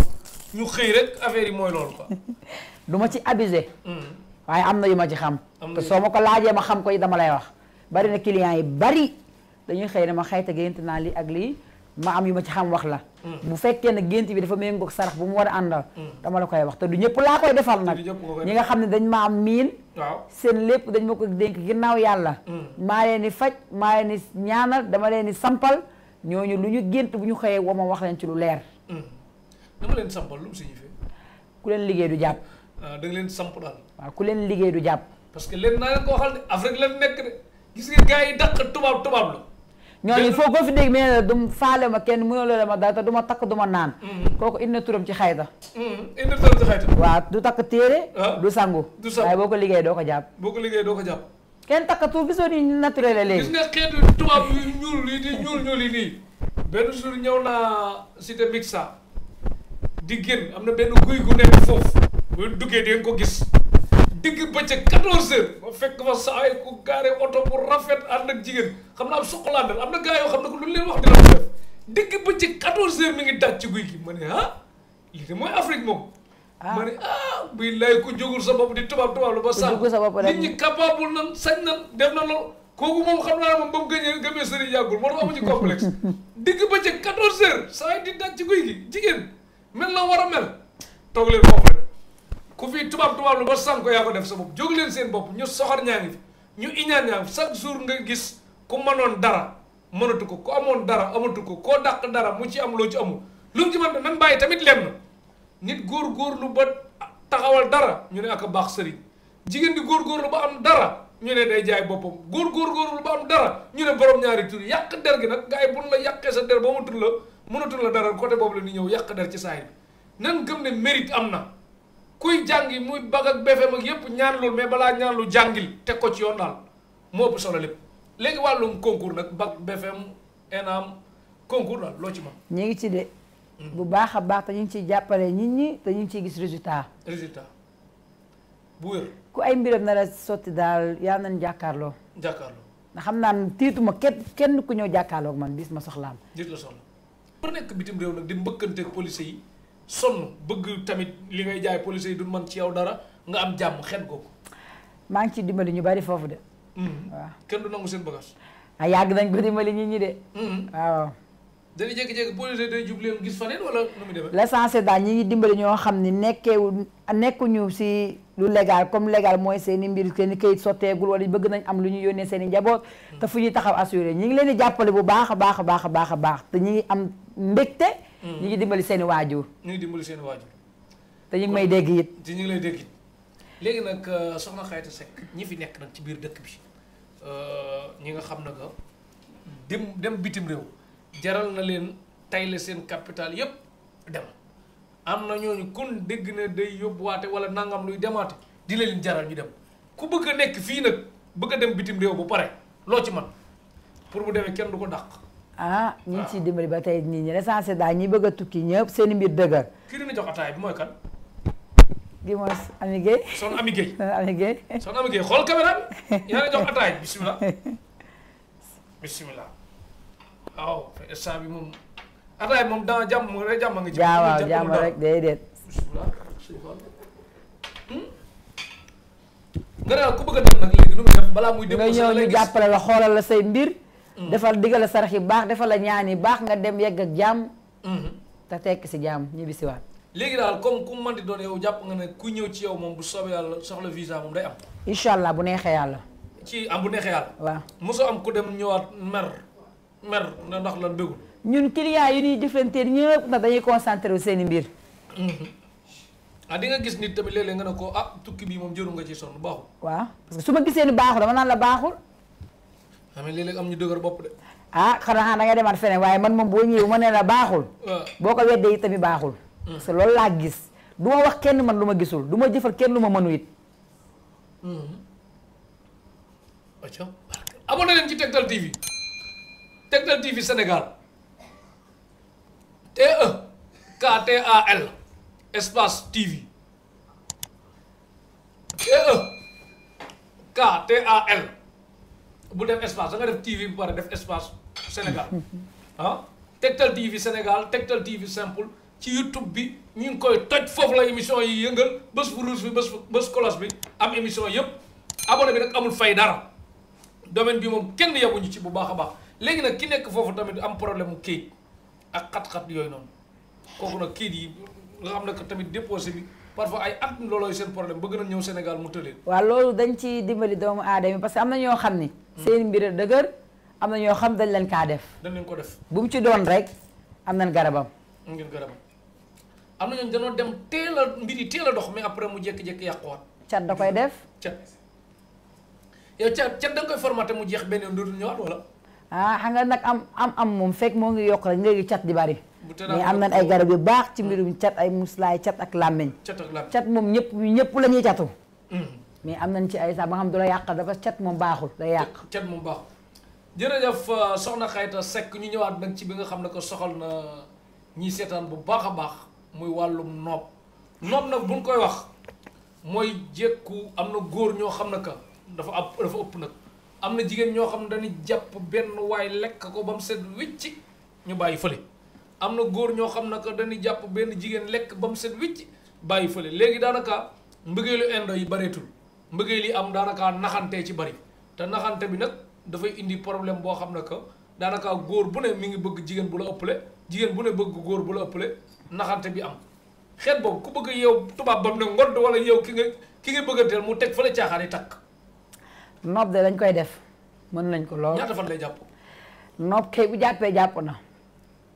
ñu xëy rek affaire yi mooy loolu quoi. (laughs) du ci abusé. Mm. waaye am na yu ma ci xam. te soo ma ko laajee ma xam ko dama lay wax. bari na clients yi bari dañuy xëy ne ma xayta gént naa lii ak lii. ma am yu ma ci xam wax la. Mm. bu fekkee ne gént bi dafa méngoog sarax bu mu war a àndal. Mm. dama la koy wax te du ñëpp laa koy defal nag. ñi nga xam ne dañ ma am miin. seen lépp dañ ma ko dénk ginnaaw yàlla. Mm. maa leen di faj maa leen di dama leen di sampal ñooñu lu ñu gént bu ñu xëyee woo ma wax leen ci lu leer. dama leen sampal lu ku leen liggéey du jàpp. Ah, da leen samp daal. waaw ku leen liggéey du jàpp. parce que leen naa leen ko waxal de ñooñu foo ko fi dégg nee du faale ma kenn mënoo la ma dara te du ma takk du ma naan. Mm-hmm. kooku mm-hmm. indi turam ci xayta. indi turam ci du takk téere. Ah. du sangu. du sangu waaye boo ko liggéey doo ko jàpp. boo ko doo ko jàpp. kenn takkatu gisoo ni naturel la léegi. gis yi di ñuul benn jour ñëw naa cité Mixa. di génn am na benn guy gu nekk foofu. bu duggee di nga ko gis. digg bëccëg 14 heures ma fekk ma saay ku gaare oto bu rafet ànd ak jigéen xam naa am soqalaandal am na gars xam ne ko lu leen wax dina ko def mi ngi daaj ci guy gi ma ne ah lii de mooy Afrique moom. Ah. ma ne ah bii lay ku jógul sa bopp di tubaab tubaab la ba sax nit ñi capable nan sañ nan def na xam naa moom ba mu gëñee gëmee sëriñ yàggul moo tax (laughs) di daaj ci guy gi jigéen mel na war a mel toog leen foofu ku fi tubaab tubaab lu ba sànko yaa ko def sa bopp jóg leen seen bopp ñu soxor ñaa fi ñu iñaan ñaa chaque jour nga gis ku manoon dara mënatu ko ku amoon dara amatu ko koo dàq dara mu ci amuloo ci amul lu mu ci mën nan bàyyi tamit lenn nit góor-góorlu ba taxawal dara ñu ne ak a baax sëriñ jigéen di góor-góorlu ba am dara ñu ne day jaay boppam góor góor-góorlu ba am dara ñu ne borom ñaari tur yàq der gi nag nga ay bun la yàqee sa der ba mu tur la la dara côté boobu la ni ñëw yàq der ci saa yi nan gëm ne mérite am na kuy jàngi muy bag ak BFEM ak yépp ñaan loolu mais balaa ñaan lu jàngil teg ko ci yoon daal moo ëpp solo lépp léegi wàllum concours nag bag BFEM ENAM concours la loo ci mën. ñu ngi ci de. Hmm. bu baax a baax te ñu ngi ciy jàppale nit ñi te ñu ngi ciy gis résultat. résultat bu wér. ku ay mbiram nar a sotti daal yal nañu jàkkaarloo. jàkkaarloo ndax xam naa ne tiituma kenn kenn ku ñëw jàkkaarloo man bis ma soxlaam. bis la soxla. bu nekk bitim réew nag di mbëkkanteeg police yi. sonn bëgg tamit li ngay jaay policier yi du man ci yow dara nga am jàmm xel googu. maa ngi ciy dimbali ñu bari foofu de. Mm-hmm. waaw kenn du nangu seen bagage. ah yàgg nañ ko dimbali nit ñi de. Mm-hmm. waaw. dañuy jékki-jékki policier day jub leen gis faneen wala nu mu demee. l'essentiel daal ñi ngi dimbali ñoo xam ni nekkeewu nekkuñu si lu légal comme légal mooy seen mbir seen i këyit sotteegul wala bëgg nañ am lu ñu yónnee seen i njaboot. te fu ñu taxaw assuré ñi ngi leen di jàppale bu baax a baax baax a baax a baax te ñi ngi am mbégte. ñu ngi dimbali seen i waajur. ñu ngi dimbali seen i waajur. te ngi may dégg it. te ñu ngi lay dégg it léegi nag euh, soxna Xayta Seck ñi fi nekk nag ci biir dëkk bi euh, ñi nga xam na que dem dem bitim réew jaral na leen tay la seen capital yépp dem am na ñooñu kon dégg na day yóbbuwaate wala nangam luy demaate di leen jaral ñu dem ku bëgg a nekk fii nag bëgg a dem bitim réew bu pare loo ci man pour mu demee kenn du ko dàq. ah ñu ngi ciy dimbali ba tey nit ñi l'essentiel daal ñi bëgg a tukki ñëpp seen i mbir dëgër. kii la ñuy jox bi mooy kan. di mooy Ami Guèye. soxna Ami (laughs) xool bi. yaa ngi jox ataay bi bisimilah. (laughs) waaw instant bi moom. nga. jàmm waaw jàmm hmm? a dem nag léegi nu muy def balaa muy. dem nga la xoolal la say mbir. Mm. defal digale sarax yi baax defal la ñaan baax nga dem yegg ak jàmm. Mm-hmm. te tekk si jàmm ñibbi si waat. léegi daal comme ku mën di doon yow jàpp nga ne ku ñëw ci yow moom bu soobee yàlla soxla visa moom day am. incha allah bu neexee yàlla. ci am bu neexee yàlla. waaw mosoo am ku dem ñëwaat mer mer ndax lan bëggul. ñun clients yi ñuy jëflanteel ñëpp nag dañuy concentré wu seen i mbir. Mm-hmm. ah di nga gis nit tamit léeg nga ne ko ah tukki bi moom jëru nga ci sonn baaxul. xam léeg-léeg am ñu dëgër bopp de. Ah, xanaa da nga demaat feneen waaye man moom boo ñëwee ma ne la baaxul. Ah. boo ko weddee itamit baaxul. Hmm. parce que loolu laa gis du wax kenn man lu ma gisul du ma jëfal kenn lu ma mënu it. wàcc hmm. abonné leen ci Tektal TV Tektal TV Sénégal T E K L espace TV T E K T A L. bu def espace da nga def TV bu pare def espace Sénégal (laughs) ah Tektal TV Sénégal Tektal TV simple ci YouTube bi ñu ngi koy toj foofu la émission yi yëngal bés bu ruus bi bés bés kolas bi am émission yëpp abonné bi nag amul fay dara domaine bi moom kenn yabuñu ci bu baax a baax léegi nag ki nekk foofu tamit am problème mu kayit ak xat-xat yooyu noonu kooku nag kayit yi nga xam ne que tamit déposé bi parfois ay at loolooy seen problème bëgg na ñëw Sénégal mu tëleen. waaw loolu dañ ci dimbali parce que am na ñoo ni. seen mbir a dëgër am na ñoo xam dañ leen kaa def. dañ leen ko def bu mu ci doon rek am nañ garabam. am ngeen garabam am na ñooñu dañoo dem teel a mbir yi teel dox mais après mu jékki-jékki yàquwaat. cat da koy def. cat yow da nga koy formaté mu jeex benn yoon dootul ñëwaat wala. ah nga nag am am am moom fekk moo ngi yokk rek léegi cat di bari. mais am na ay garab yu baax ci mbirum cat ay muslaay cat ak làmmiñ. cat ak làmmiñ cat moom ñëpp ñëpp lañuy ñuy catu. Hmm. mais am nañ ci ay sax ba xam du la yàq dafa cat moom baaxul day yàq cat moom baaxul jërëjëf euh, soxna Xayta sekk ñu ñëwaat nag ci bi nga xam ne ko soxal na ñiy seetaan bu baax a baax muy wàllum noob noob nag buñ koy wax mooy jékku am na góor ñoo xam ne que dafa ëpp dafa ëpp nag am na jigéen ñoo xam ne dañuy jàpp benn waay lekk ko ba mu set wicc ñu bàyyi fële am na góor ñoo xam ne que dañuy jàpp benn jigéen lekk ba mu set wicc bàyyi fële léegi daanaka mbëggeelu indo yi bareetul mbëggeel lii am daanaka naxante ci bari te naxante bi nag dafay indi problème boo xam ne que daanaka góor bu ne mi ngi bëgg jigéen bu la ëppale jigéen bu ne bëgg góor bu la ëppale naxante bi am xeet boobu ku bëgg yow tubaab bam ne ngod walla yow ki nga ki nga bëgganteel mu teg fële caaxaan yi takk nopp de dañ koy def mën nañ ko lool ñaata fan lay jàpp nopp kay bu jàpp na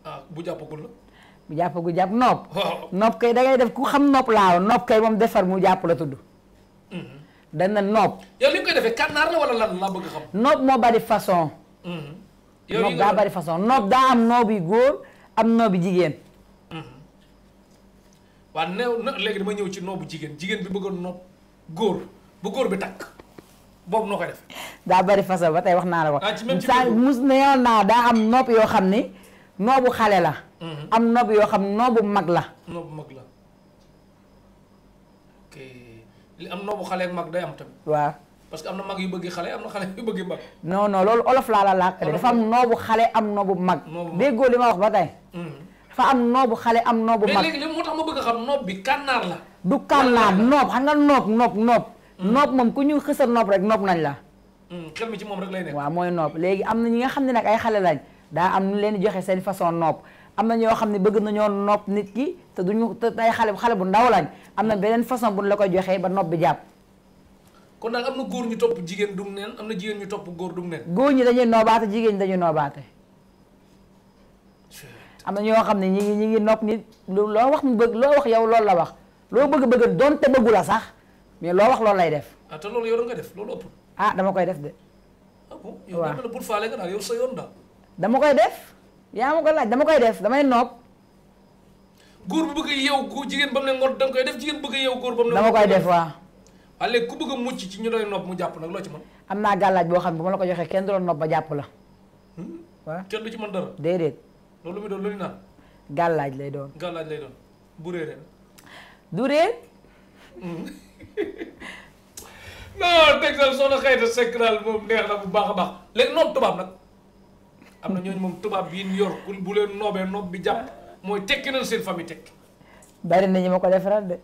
ah bu jàppagul la bu jàppagul jàpp nopp nopp kay da ngay def ku xam nopp laa nopp kay moom defar mu jàpp la tudd mhm. dañ na noob. yow li koy defee kànnaar bëgg xam. noob moo bari façon. Mhm. noob daa bari fason noob daa am noob yu góor am noob yu jigéen. Mhm. waaw ne léegi dama ñëw ci noobu jigéen jigéen bi bëggoon noob góor bu góor bi takk boobu noo koy def. daa bari façon ba tey wax naa la ko. ah ci mus neewoon naa daa am noob yoo xam ni noobu xale la. Mhm. am noob yoo xam noobu noobu mag la. li am noobu xale ak mag day am tamit. waaw parce que am na mag yu bëgg xale am (laughs) yu bëgg mag. non non loolu olof laa la laajte dafa am noobu xale am noobu mag. déggoo li ma wax ba tey. Hmm. dafa am noobu xale am noobu mag. ma a xam bi kànnaar du kànnaar noob xam nga noob noob noob. Hmm. moom ku ñu xësal noob rek noob nañ la. Hmm, xel mi moom rek lay nekk. waaw mooy noob léegi am na ñi nga xam ne nag ay xale lañ daa am nu leen joxe seen façon noob am na ñoo xam ne bëgg nañoo noob nit ki te duñu te ay xale xale bu ndaw lañ am na beneen façon bu ñu la koy joxee ba nopp bi jàpp. kon daal am na góor ñu topp jigéen dum neen am na jigéen ñu topp góor dum neen. góor ñi dañuy noobaate jigéen ñi dañuy noobaate. am na ñoo xam ne ñi ngi ñi ngi nopp nit loo wax mu bëgg loo wax yow loolu la wax loo bëgg bëgg donte bëggu la sax mais loo wax loolu lay def. ah te loolu yow da def loolu ëpp. ah dama koy def de. Ah waaw yow dama koy def yaa ma ko laaj dama koy def damay nopp góor bu bëgg a yeew jigéen ba mu ne ngor da koy def jigéen bëgg a yeew góor ba koy def waaw waaw ku bëgg a mucc ci ñu doy nopp mu jàpp nag loo ci man am naa gàllaaj boo xam ne bu ko joxee kenn du la ba jàpp la hmm? waaw kenn du ci mën dara déedéet loolu muy doon loolu ñu naan gàllaaj lay doon gàllaaj lay doon bu réeree du réer hmm. (laughs) non Tektal soxna na bu baax baax léegi nopp tubaab nag am na ñooñu moom tubaab yi ñu yor bu leen noobee nopp bi jàpp mooy tekki nañ seen famille tekki. bari na ñu ma ko defaral de.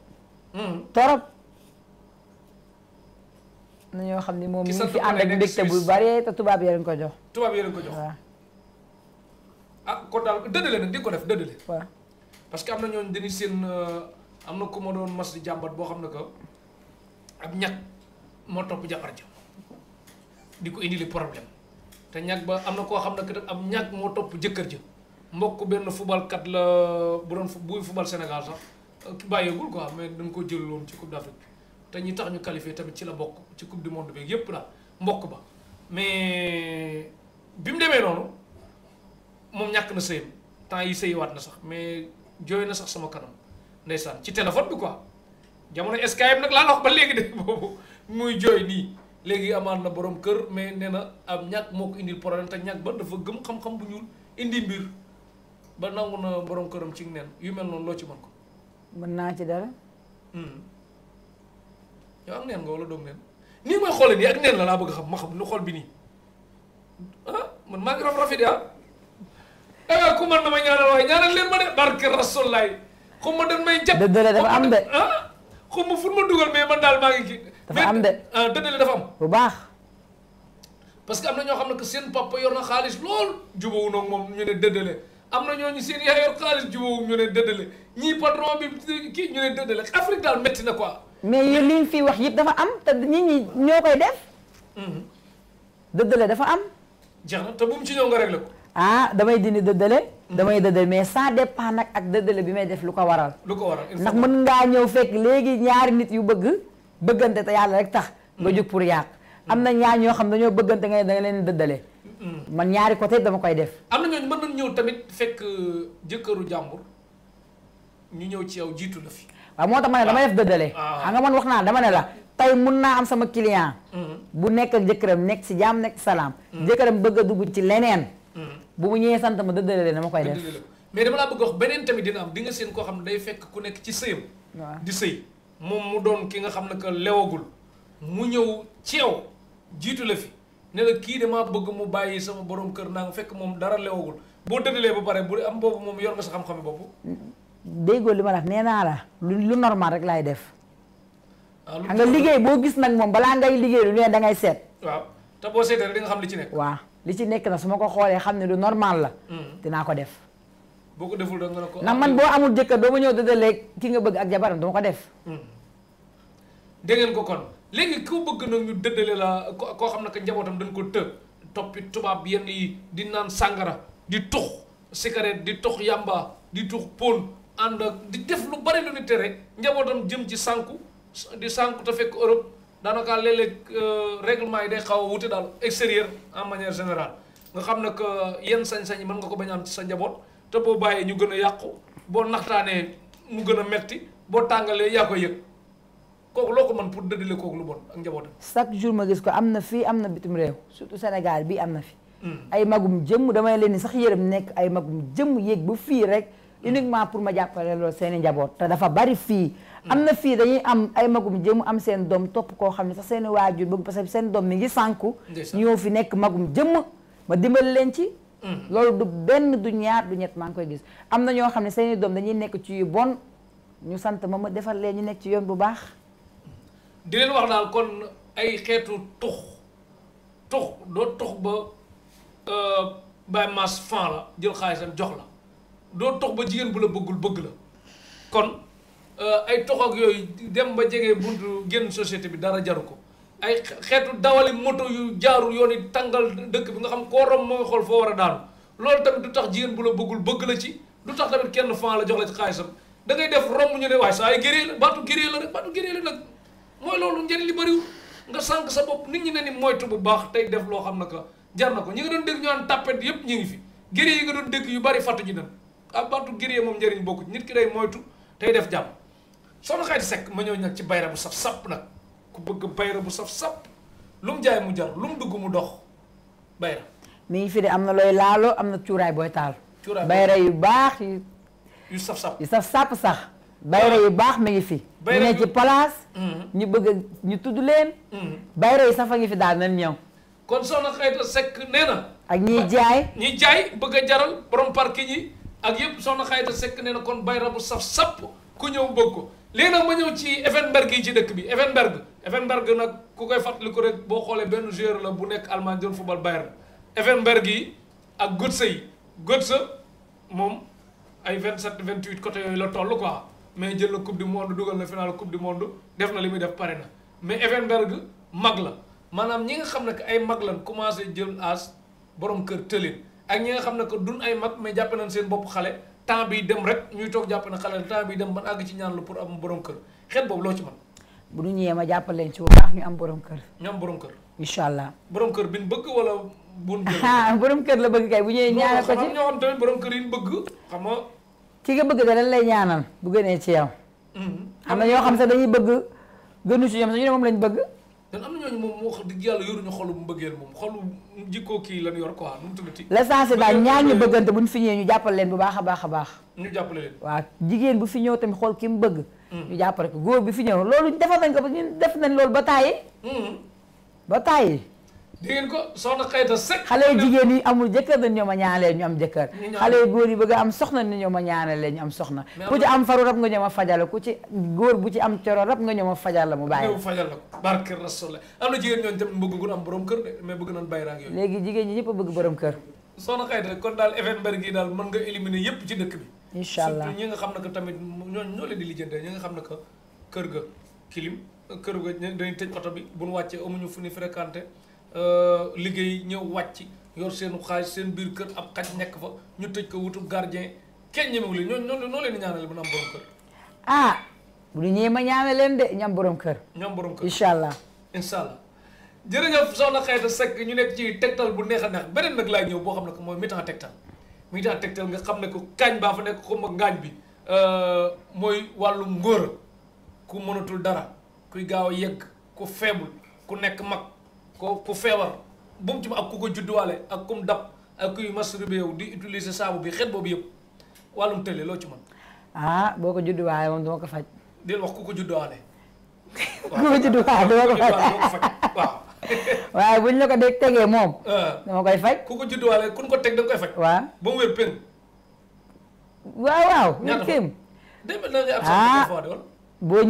Hmm. torop na ñoo xam ni moom mi ngi fi ànd ak mbégte bu bari te tubaab yi ko jox. tubaab yi ko jox waaw. ah kon daal dëddale nag di ko def dëddale. waaw parce que am na ñooñu dañuy seen euh, am na ku ma doon mas jàmbat boo xam ne que ab ñag moo topp jabar ji di ko indi problème te ñag ba am na koo xam ne que ab ñag moo topp jëkkër ji mbokk benn fubalkat la bu doon buy fubal Sénégal sax euh, bàyyeegul quoi mais dañ ko jël woon ci coupe d'Afrique te ñi tax ñu qualifié tamit ci la bokk ci coupe du monde beeg yépp la mbokk ba mais bi mu demee noonu moom ñàkk na sëyam temps yi sëyiwaat na sax mais jooy na sax sama kanam ndeysaan ci téléphone bi quoi jamono Skype nag laa la ba léegi de (laughs) boobu muy jooy nii léegi amaan na borom kër mais nee na am ñàkk moo ko indil problème te ñàkk ba dafa gëm xam bu ñuul indi mbir ba nangu na borom këram ci neen yu mel noonu loo ci man ko. mën naa ci dara. Hmm. yow ak neen nga wala doom neen nii may xoolee nii ak neen la laa bëgg xam ma xam lu xool bi nii ah man maa ngi doon rafet ah. ku man na ma ñaanal waaye ñaanal leen ma de barke rasulaay xaw ma dañ may jàpp. dëgg dafa am de ah xaw ma fu ma dugal daal maa ngi am de ah bu baax. parce que am na ñoo xam ne que seen papa yor na xaalis lool jubóowu noog moom ñu ne dëddale am na ñooñu seen yaay yor xaalis jubóowu ñu ne dëddale ñii patron bi kii ñu ne dëddale Afrique daal métti na ko mais yéen li ñu fi wax yëpp dafa am te nit ñi ñoo koy def. Mhm. dafa am. jeex na ci ñëw nga réglé ko. Ah, damay dindi dëddale. Mhm. damay dëddale mais ça dépend nag ak dëddale bi may def lu ko waral. lu ko waral ndax mën ngaa ñëw fekk léegi ñaari nit yu bëgg bëggante te yàlla rek tax. nga mhm. jóg pur yàq. am na ñaar ñoo xam ne ñoo bëggante nga ne da leen dëddale. Mm. man ñaari côté dama koy def. am na ñooñu mën nañu ñëw tamit fekk euh, jëkkëru jàmbur ñu ñëw ci yow jiitu la fi. waaw moo tax ma ne dama def dëddale. Ah. xam nga wax naa dama ne la tey mun naa am sama client. Mm-hmm. bu nekk ak jëkkëram nekk si jàmm nekk salaam. Mm-hmm. jëkkëram bëgg ci leneen. Mm-hmm. bu mu ñëwee sant ma dëddale dama koy def. mais dama laa tamit dina am di nga seen koo ne day fekk ku nekk ci sëyam. di sëy moom mu doon ki nga xam na que lewagul mu ñëw ci jiitu la fi. ne la kii damaa bëgg mu bàyyi sama borom kër naa fekk moom dara lewagul boo tëddalee ba pare bu am boobu moom yor nga sa xam-xame li ma def nee naa la lu normal rek laay def. Ah, xam nga liggéey boo gis nag moom balaa ngay liggéey lu ne da ngay seet. waaw te boo seetee rek di nga xam li ci nekk. waa li ci nekk na su ma ko xoolee xam ne lu normal la. Hmm. dinaa ko def. boo ko deful danga ko. ndax ah, man boo amul jëkkër doo ma ñëw dëddalee ki nga bëgg ak jabaram dama ko def. Hmm. dégg ko kon. léegi ku bëgg nag ñu dëddale la koo xam ne que njabootam dañ ko të toppi tubaab yenn yi di naan sàngara di tux cigarette di tux yàmba di tux pon ànd ak di def lu bari lu ni tere njabootam jëm ci sànku di sànku te fekk Europe daanaka léeg-léeg euh, règlement yi day xaw a wute daal extérieur en manière général nga xam nag que yenn sañ-sañ yi mën nga ko bañ am ci sa njaboot te boo bàyyee ñu gën a yàqu boo naxtaanee mu gën a metti boo tàngalee yaa ko yëg kooku loo ko mën pour dëddale kooku lu bon ak njabootam. chaque jour ma gis ko am na fii am na bitim réew surtout Sénégal bii am na fi. Hmm. ay magum jëm damay leen ni sax yërëm nekk ay magum jëmm yéeg ba fii rek. Hmm. uniquement pour ma jàppale loolu seen i njaboot te dafa bari fii. am na fii dañuy am ay magum jëm am seen doom topp koo xam ne sax seen i waajur bëgg parce que seen doom mi ngi sànku. ñoo fi nekk magum jëmm ma dimbal leen ci. Hmm. loolu du benn du ñaar du ñett maa ngi koy gis. am na ñoo xam ne seen doom dañuy nekk ci bon ñu sant ma ma defal leen ñu nekk ci yoon bu baax. di leen wax daal kon ay xeetu tux tux doo tux ba euh, bàyyi maas fan la jël xaalisam jox la doo tux ba jigéen bu la bëggul bëgg la kon euh, ay tux ak yooyu dem ba jege buntu génn société bi dara jaru ko ay xeetu dawali moto yu jaarul yoon yi tàngal dëkk bi nga xam koo rom mooy xool foo war a daanu loolu tamit du tax jigéen bu la bëggul bëgg la ci du tax tamit kenn fan la jox la ci xaalisam da ngay def romb ñu ne waaye saa ay gérée la baatu gérée la rek baatu gérée la nag mooy loolu njëriñ li bëriwul nga sànq sa bopp nit ñi ne ni moytu bu baax tey def loo xam na ka jar na ko ñi nga doon dégg ñu naan tàppet yëpp ñu fi géré yi nga doon dégg yu bari fàttu ji nan ak ah baatu géré moom njariñ bokku nit ki day moytu tey def jàmm soxna Xadi Sekk ma ñëw nag ci bayra bu saf sapp nag ku bëgg bayra bu saf sapp lu mu mu jar lu mu dugg mu dox bayra mi ngi fi de am na looy laaloo am na cuuraay booy taal bayra yu baax yu saf sapp yu saf sapp sax bayra yu baax ma ngi fi. ñu ne ci place. Mhm. ñu bëgg ñu tudd leen. Mhm. bayra yu safa ngi fi daal nañ ñëw. kon soxna Xayta Seck nee na. ak ñiy jaay ñiy jaay bëgg a jaral borom parking yi ak yëpp soxna Xayta sekk nee na kon bayra bu saf sapp ku ñëw bëgg ko léegi nag ma ñëw ci Effenberg yi ci dëkk bi Effenberg Effenberg nag ku koy fàttaliku rek boo xoolee benn joueur la bu nekk Allemagne doon football Bayern Effenberg yi ak Götze yi Götze moom ay 27 28 côté yooyu la toll quoi. mais jël na coupe du monde dugal na final coupe du monde def na li muy def pare na mais Evenberg mag la maanaam ñi nga xam ne que ay mag lan commencé jël as borom kër tëlin ak ñi nga xam ne que dun ay mag mais jàpp nañ seen bopp xale temps bi dem rek ñuy toog jàpp na xale temps bi dem ban àgg ci ñaan la pour am borom kër xeet boobu loo ci man bu ñu ñëwee ma jàppale leen ci bu baax ñu am borom kër. ñu am borom kër. incha allah borom kër bi ñu bëgg wala. bu ñu (laughs) borom kër la bëgg kay bu ñëwee ñaanal ko ci ki nga bëgg dañ lay ñaanal bu gënee ci yow. Mm-hmm. am na ñoo xam sax dañuy bëgg gënu ci ñoom sax ñu ne moom lañ bëgg. dan am na ñooñu moom wax dëgg yàlla yoruñu xolu bu mbëggeel moom xolu jikkoo kii lan yor quoi nu mu tuddati. l'essentiel daal ñaar ñu bëggante bu fi ñëwee ñu jàppale leen bu baax a baax a baax. ñu leen waaw jigéen bu fi ñëw tamit xool ki mu bëgg. Mm. ñu jàppale ko góor bi fi ñëw loolu defal nañ ko ñu def nañ loolu ba tàyyi. Mm-hmm. ba tàyyi di ngeen ko soxna xayta sek xale yu jigéen yi amul jëkkër dañ ñoo ma ñaanalee ñu am jëkkër xale yu góor yi bëgg a am soxna ni ñoo ma ñaanalee ñu am soxna ku ci am faru rab nga ñoo ma fajal la ku ci góor bu ci am coro rab nga ñoo fajal la mu bàyyi ñëw fajal la ko barke rasulullah am na jigéen ñooñu tam bëgg ngun am borom kër de mais bëgg nañ bàyyi yooyu léegi jigéen ñi ñëpp a bëgg borom kër soxna xayta kon daal Effenberg yi daal mën nga éliminer yépp ci dëkk bi incha allah xam ne que tamit kër ga kilim kër ga oto bi buñu wàccee amuñu fu ñu fréquenté Euh, liggéey ñëw wàcc yor seenu xaalis seen biir kër ab xaj nekk fa ñu tëj ko wutub gardien kenn ñemewu leen ñoo ñoo noo leen di ñaanale bu ñu am borom kër. ah bu ñu ñëwee ma ñaanal leen de ñam borom kër. ñam borom kër incha allah. incha allah jërëjëf soxna Xayta Seck ñu nekk ci tegtal bu neex a neex beneen nag laay ñëw boo xam ne ko mooy mi mitan tegtal mitan tegtal nga xam ne ko kaañ baa fa nekk xuma ngaañ bi euh, mooy wàllum ngóor ku mënatul dara kuy gaaw a yegg ku faible ku nekk mag. ko ku bu mu ci ak ku ko judduwaale ak kum dab ak kuy masturbe yow di utiliser saabu bi xet boobu yëpp wàllum tële loo ci mën. ah boo ko judduwaale moom dama ko faj. di ko judduwaale. ku ko judduwaale (laughs) dama ko faj waaw. (laughs) ko dee (laughs) ah. ku ko judduwaale kun koy faj. waaw ba mu wér péng. waaw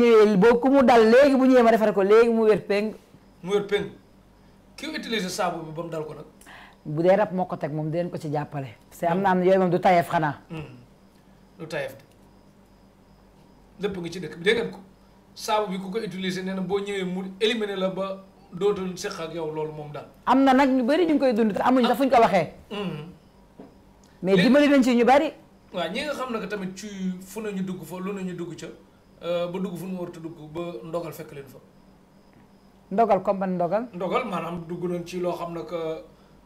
ah. mu dal léegi bu ñëwee ma defar ko léegi mu wér péng. mu wér péng. ki utilise saabu bi ba mu dal ko nag. bu dee rab moo ko teg moom dinañ ko ci jàppale. parce que am hmm. na am yooyu moom du tayeef xanaa. Hmm. du tayeef de lépp ci dëkk bi ko saabu bi ku ko utiliser nee na boo ñëwee mu éliminer la ba dootul seq ak loolu moom daal. am na nag ñu bari ñu koy dund te amuñu sax ah. fuñ ko waxee. Hmm. mais dimbali nañ ci ñu bari. waaw nga xam na que tamit ci fu ñu dugg fa lu nañu dugg ca euh, ba dugg fu mu warut a dugg ba ndogal fekk leen fa. ndogal comme ban ndogal. ndogal maanaam dugg nañ ci loo xam ne que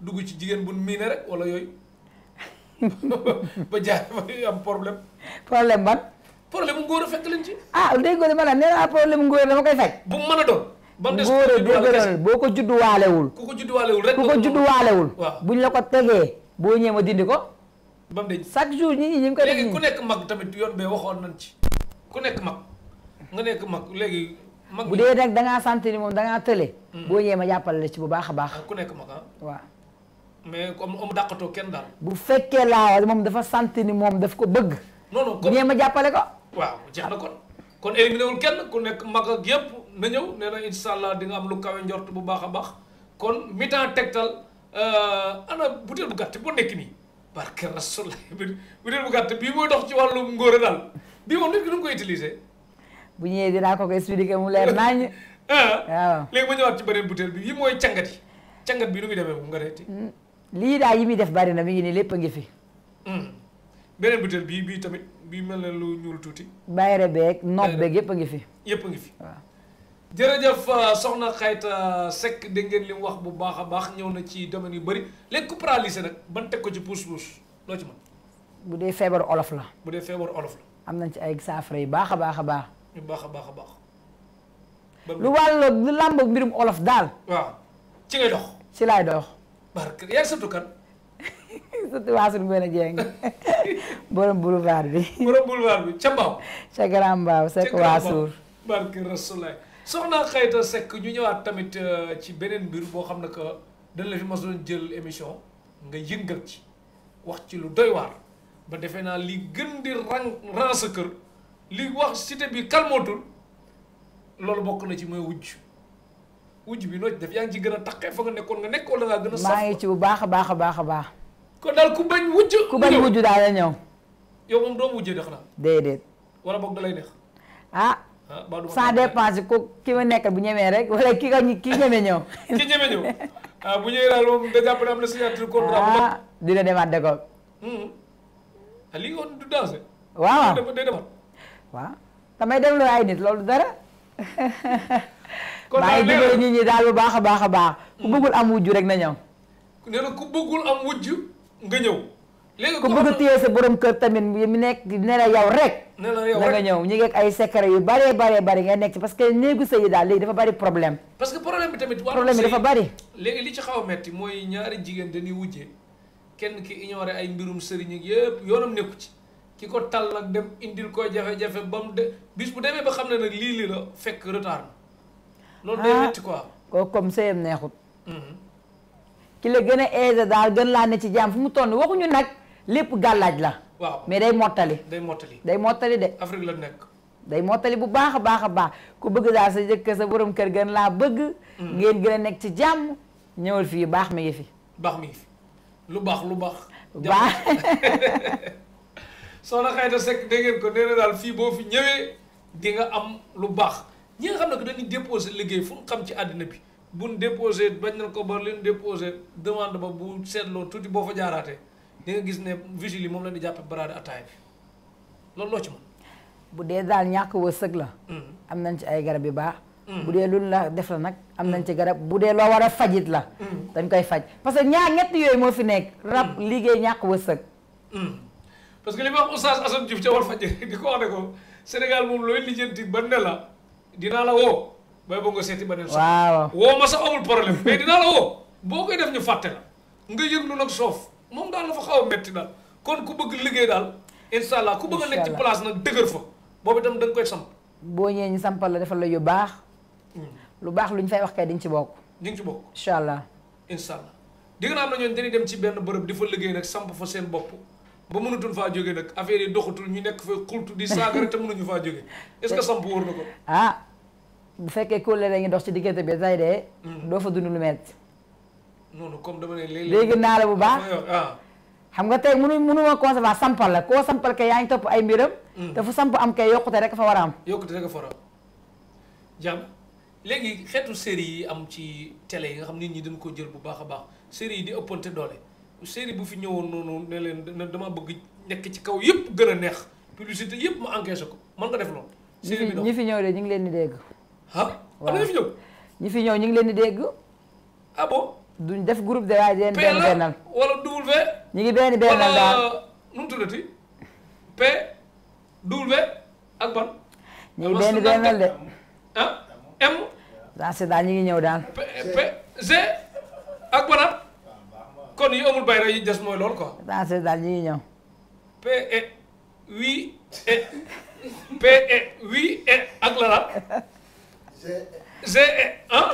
dugg ci jigéen bu miine rek wala yooyu (laughs) ba jaay ba am problème. problème ban. problème mu góor fekk lañ ci. ah léegi góor ma ne nee naa problème ngóor dama koy faj. bu mu mën a doon. ba mu des boo ko judduwaalewul. ku ko judduwaalewul rek ku ko judduwaalewul. waaw buñ la ko tegee boo ñëwee ma dindi ko. ba mu denc chaque ñi ñu ngi koy. léegi ku nekk mag tamit yoon bee waxoon nañ ci. ku nekk mag nga nekk mag léegi. bu dee nag da ngaa sant ni moom da ngaa tële. Mm. boo ñëwee ma jàppale la ci bu baax a baax. ku nekk mag waaw. mais comme am dàqatoo kenn daal. bu fekkee laa moom dafa sant ni moom daf ko bëgg. non non bu ñëwee ma jàppale ko. waaw jeex na kon kon éliminé wul kenn ku nekk mag ak yëpp na ñëw nee na incha allah di nga lu kawe njort bu baax a baax kon mi temps tegtal euh, ana butéel bu gàtt boo nekk nii. barke rasul (laughs) butéel bu gàtt bii mooy dox ci wàllu ngóore daal bii moom nit ki nu mu bu ñëwee dinaa ko ko expliqué mu leer naññ. (laughs) Ah, waaw léegi ma ci beneen butéel bi yi mooy cangat yi cangat bi nu demee bu nga reeti hmm. lii daal yi muy def bari na mi ngi nii lépp a ngi fi. Hmm. beneen butéel bii bii tamit bii mel na lu ñuul tuuti. bayre beeg nopp beeg yëpp a ngi fi. yëpp a ngi fi jërëjëf euh, soxna Xayta Seck dégg ngeen li mu wax bu baax a baax ñëw na ci domaine yu bëri léegi ku paralysé nag ban ko ci pousse pousse loo ci mën. bu dee feebar olof la. bu dee feebar olof la. am nañ ci ay saafara yu baax a baax a baax. bu baax a baax a baax. lu wàllu lu làmboog mbirum olof daal. waaw ci ngay dox. ci laay dox. barke yaa sëtu kan. sëtu (laughs) waa sunu mën a jeng borom boulevard bi. (laughs) borom boulevard bi ca Mbaaw. ca Grand Mbaaw soxna Xayta Seck ñu ñëwaat tamit euh, ci beneen mbir boo xam ne que dañ la fi mos doon jël émission nga yëngal ci wax ci lu doy waar ba defe naa li gën di rang rang sa kër. li wax cité bi kalmootul loolu bokk na ci mooy wujj wujj bi noo ci def yaa ngi ci gën a taqee fa nga nekkoon nga nekk wala ngaa gën a saf ngi ci bu baax baax a baax a baax kon daal ku bañ wujj ku bañ wujj daal yow moom doo wujjee dex na déedéet wala boog lay neex ah sans ah, dépense ko ki ma nekk bu ñemee rek wala ki nga ki ñeme ñëw (laughs) ki ñeme ñëw ah, bu ñëwee daal moom da jàpp ne am na signature contrat bu ah, mag dina demaat d'accord li nga du danse waa damay dem lu ay nit loolu dara. kon daal léegi nit ñi daal bu baax a baax a baax. ku hmm. bëggul am wujju rek na ñëw. nee na ku bëggul am wujju nga ñëw. léegi ku bëgg téye sa borom kër tamit mu nekk ne la yow rek. ne la yow rek ñëw ñi ngi ay secret yu baree baree bari nga nekk ci parce que néegu sëy yi daal léegi dafa bari problème. parce que problème bi tamit. problème bi dafa bari. léegi li ci xaw a metti mooy ñaari jigéen dañuy wujjee kenn ki ignoré ay mbirum sëriñ yëpp yoonam nekku ci ki ko tal nag dem indil ko jafe-jafe ba mu de bis bu demee ba xam ne nag lii lii la fekk retard na loolu day ko ah, quoi kooku comme sëyam neexut mhm. ki la gën a aisé daal gën laa ne ci jàmm fu mu toll waxuñu nag lépp gàllaaj la waaw mais day mottali day mottali day mottali de Afrique la nekk day mottali bu baax a baax a baax ku bëgg daal sa jëkkër sa borom kër gën laa bëgg mhm. ngeen gën a nekk ci jàmm ñëwal fii baax mi ngi fi baax mi ngi fi lu baax lu baax baax (laughs) soxna Xayta Seck dégg ngeen ko nee daal fii boo fi ñëwee di nga am lu baax ñi nga xam ne que dañuy déposé liggéey fu mu xam ci àddina bi buñ déposé bañ nañ ko ba leen déposé demande ba bu seetloo tuuti boo fa jaaraatee di nga gis ne vigile yi moom la di jàppe baraade attaay bi loolu loo ci mën bu dee daal ñàkk wërsëg la hmm. am nañ ci ay garab yu baax hmm. bu dee lu la def la nag am nañ hmm. ci garab bu dee loo war a fajit la dañ koy faj parce que ñaar ñett moo fi nekk rab liggéey ñàkk wërsëg parce que li ma wax oustaz Assane Diouf ca Walfadjri (laughs) di ko wax ne ko Sénégal moom looy lijjanti ba ne dinaa la woo bay ba nga seeti ba ne la. woo ma sax amul problème mais dinaa la woo boo koy def ñu fàtte la nga yëglu nag soof moom daal la fa xaw a métti daal kon ku bëgg liggéey daal incha ku bëgg a nekk ci place nag dëgër fa boobu itam da nga koy samp. boo ñëwee ñu sampal la defal la yu baax. Hmm. lu baax lu ñu fay wax kay dañ ci bokk. ñu ngi ci bokk incha allah. incha allah dégg naa am na ñooñu ci benn bërëb di liggéey nag samp fa seen bopp ba mënatul faa jóge nag affaire yi doxatul ñu nekk fa xultu di saagara te mënuñu faa jóge est-ce (laughs) samp wóor na ko ah bu fekkee kóllëre ngi dox ci diggante bi tay de hmm. doo fa dund lu metti noonu comme dama ne léeg-léeg léegi naa la bu baax ah. xam nga tey munu munu ma conserver sampal la koo sampal kay yaa ngi topp ay mbiram hmm. te fu samp am kay yokkute rek fa war a am yokkute rek fa a am jàmm léegi xeetu série yi am ci télé yi nga xam nit ñi dama ko jël bu baax a baax série yi di ëppante doole série bu fi ñëwoon noonu ne leen dama bëgg nekk ci kaw yëpp gën a neex publicité yëpp mu encaissé ko mën nga def loolu. série ñi fi ñëw de ñu ngi leen di dégg. ah am na ñu fi ñëw. ñi ñu ngi leen di dégg. ah bon. duñ def groupe de laaj leen benn bennal wala double V. ñu ngi benn bennal daal nu mu tuddati P double V ak ban. ñu ngi benn bennal de. ah M. dans ce daal ñu ngi ñëw daal. kon yu amul bayra yi des mooy loolu ko ah, danse daal ñu ngi ñëw. P E oui E P E oui E ak la la. E G E ah.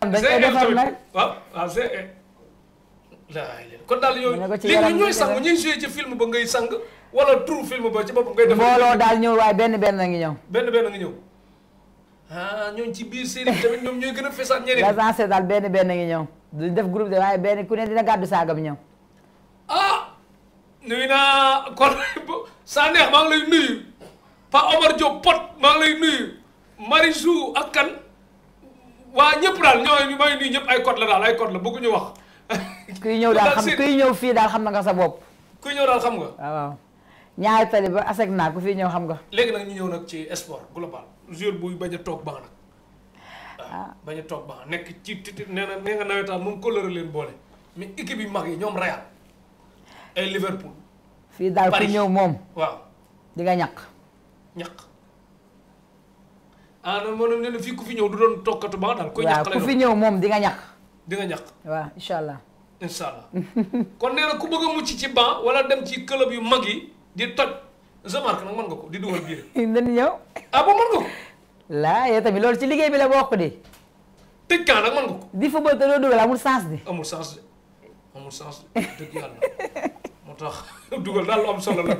dañ koy defar nag waaw waaw ah, G E. kon daal yooyu léegi ñooy sang ñuy joué ci film ba ngay sang wala trou film ba ci boppam ngay. defar mbooloo daal ñëw waaye benn benn ngi ñëw. benn benn ngi ñëw. ah ñooñu ci biir série tamit ñoom ñooy gën a fesaat ñeneen. daal benn benn ngi ñëw. duñ def group de waaye benn ku ne dina gàddu saagam ñëw. ah nuyu naa kon saa neex maa ngi lay nuyu Pa Omar Diop Pod maa ngi nuyu Marisou ak kan waa ñëpp daal ñooñu maa ngi nuyu ñëpp ay code la daal ay code la bëgguñu wax. (laughs) kuy ñëw daal (laughs) xam kuy ñëw fii daal xam na nga sa bopp. kuy ñëw daal xam nga. waaw ñaari tali ba asek naa ku fii ñëw xam nga. léegi nag ñu ñëw nag ci sport global jour buy bañ a toog baax nag. Ah. Ah. bañ toog ba nekk ci titi nee na nee nga nawetaan moom kóllëre leen boole mais équipe yu mag yi ñoom Real ay Liverpool. fii daal ku ñëw moom. waaw di nga ñàkk. ñàkk ah non maanaam nee fii ku fi ñëw du doon tokkatu ba daal. koy ku fi ñëw moom di nga ñàkk. di nga ñàkk. waaw incha allah. incha allah (laughs) kon nee ku bëgg a mucc ci banc wala dem ci club yu mag yi di toj Zamark nag mën nga ko di dugal biir. (laughs) nañu ñëw. ah ba mën nga laa yow tamit loolu ci liggéey bi la bokk de. tëj kan nag man nga ko. di football te doo dugal amul sens de. amul sens de amul moo tax dugal daal lu am solo la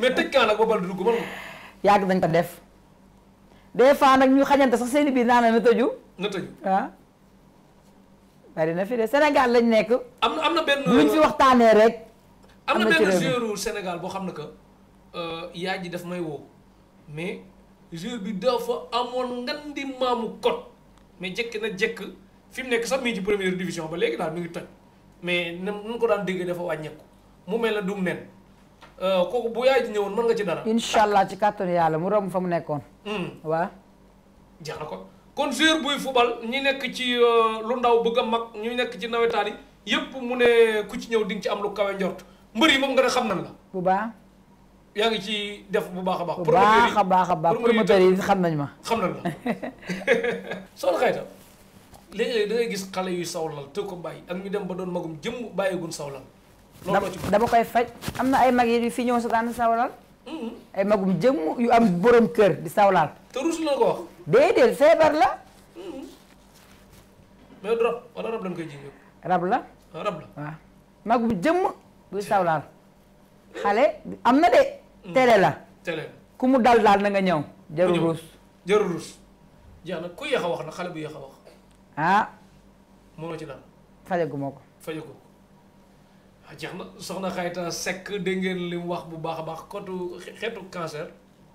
mais tëj kan nag ba dugg man ko. yàgg nañ ko def des fois nag ñu xajante sax seen biir naan na tëju. na tëju waaw. bari na fi de Sénégal lañ nekk. am na am na benn luñ uh, fi waxtaanee rek. am na benn joueur Sénégal boo xam ne que yaay ji daf may woo mais. joueur bi dafa amoon nga di maamu kot mais jekk na jekk fi mu nekk sax mii ci première division ba léegi daal mi ngi toj mais na nu ko daan déggee defa wàññeeku mu mel na dum nen euh, kooku bu yaay ji ñëwoon mën nga ci dara. incha allah ci kàttanu yàlla mu romb fa mu nekkoon. Hmm. waa jeex ko kon joueur buy fubal ñi nekk ci euh, lu ndaw bëgg a mag ñu nekk ci nawetaan yi yëpp mu ne ku ci ñëw di nga ci am lu kawe njort mbër yi moom nga ne xam nan la. bu baax. yaa ngi ci def bu baax a baax. promoteurs yi bu baax a baax promoteurs yi xam nañ ma. xam nañ ma (laughs) soxna Xayta léeg-léeg da ngay gis xale yuy sawlal te ko bàyyi ak ñu dem ba doon magum jëmm bàyyeegun sawlal. loolu ci dama koy faj am na ay mag yi fi ñëw sa daan sawlal. Mm-hmm. ay magum jëmm yu am borom kër di sawlal. te ruus la ko wax. déedéet feebar la. Mm-hmm. mais rab wala rab lañ koy ji. rab la. rab la waaw magum jëmm buy sawlal xale am na de. Mm. télé la. télé ku mu dal daal na nga ñëw. jarul ruus jarul ruus. jeex na ku yéex a wax na xale bu yéex a wax. ah. mënoo ci dara. fajagu moo ko. fajagu ko ah jeex na soxna Xayta Seck dégg li mu wax bu baax a baax kotu xeetu cancer.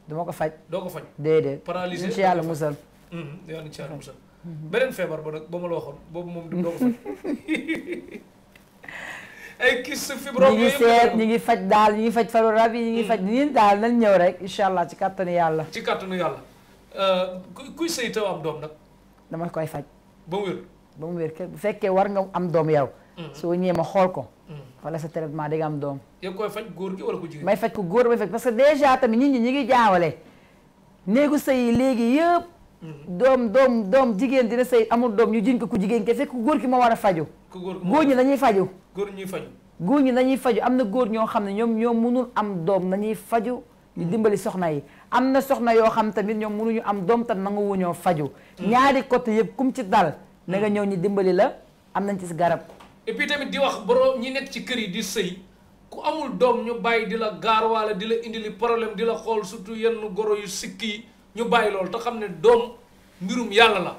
dama ko faj. doo ko faj déedéet. paralysé incha yàlla musal. Mm-hmm. yàlla incha yàlla musal. Mm-hmm. beneen feebar ba nag ba ma la waxoon boobu moom du doo ko faj. (laughs) ay kyste ngi faj daal ñu ngi faj faru rab yi ngi faj nii hmm. daal nañ ñëw rek incha allah ci kàttanu yàlla ci kàttanu yàlla euh, kuy sëy taw am doom nag koy faj ba mu wér bu fekkee war nga am doom yow hmm. soo ñëwee ma xool ko wala hmm. sa traitement di am doom yaa koy góor gi wala ko jigéen may faj ko góor may faj parce que déjà tamit nit ñi ñi ngi jaawale néegu sëy yi léegi yëpp doom doom doom jigéen dina sëy amul doom ñu jiñ ko ku jigéen ke fekk ku góor ki ma war a faju góor ñi dañuy faju góor ñuy faju góor ñi nañuy faju am na góor ñoo xam ne ñoom ñoo mënul am doom nañuy faju ñu mm-hmm. dimbali soxna yi am na soxna yoo xam tamit ñoom mënuñu am doom te nanguwuñoo faju mm-hmm. ñaari côté yëpp kum ci dal na nga mm-hmm. ñëw ñu dimbali la am nañ ci si garab et puis tamit di wax borom ñi nekk ci kër yi di sëy ku amul doom ñu bàyyi di la gaar waala di la indili problème di la xool surtout yenn goro yu sikk yi ñu bàyyi loolu te xam ne doom mbirum yàlla la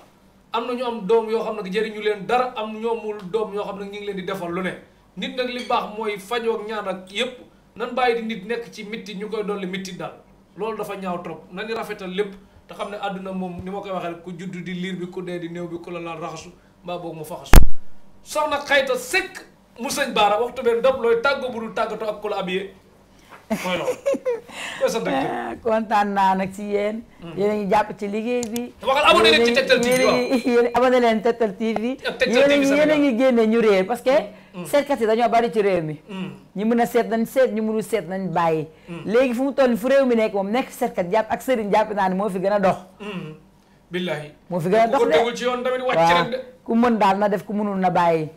am na ñu am doom yoo xam ne jariñu leen dara am ñoomul doom yoo xam ne ñu ngi leen di defal lu ne nit nag li baax mooy fajoog ñaan ak yépp nan bàyyi di nit nekk ci mitti ñu koy dolli mitti daal loolu dafa ñaaw trop nañu rafetal lépp te xam ne àdduna moom ni ma koy waxee ku juddu di liir bi ku dee di néew bi ku la laal raxasu mbaa boog mu faxasu soxna xayta sekk mu sëñ baara waxtu benn dab looy tàggoo bu dul tàggatoo ak ku la abiyee mooy ah, kontaan naa nag ci yéen. Hmm. yéen a ngi jàpp ci liggéey bi. waxal abonné leen ci Tektal TV yéen abonné a ngi génne ñu réer parce que. Hmm. Hmm. seetkat yi dañoo bari ci réew mi. ñu mën a seet nañ seet ñu mënul seet nañ bàyyi. léegi fu mu toll fu réew mi nekk moom nekk seetkat jàpp ak sëriñ jàpp naa ne moo fi gën a dox. billahi moo fi gën a dox de ku ko mën daal na def ku mënul na bàyyi.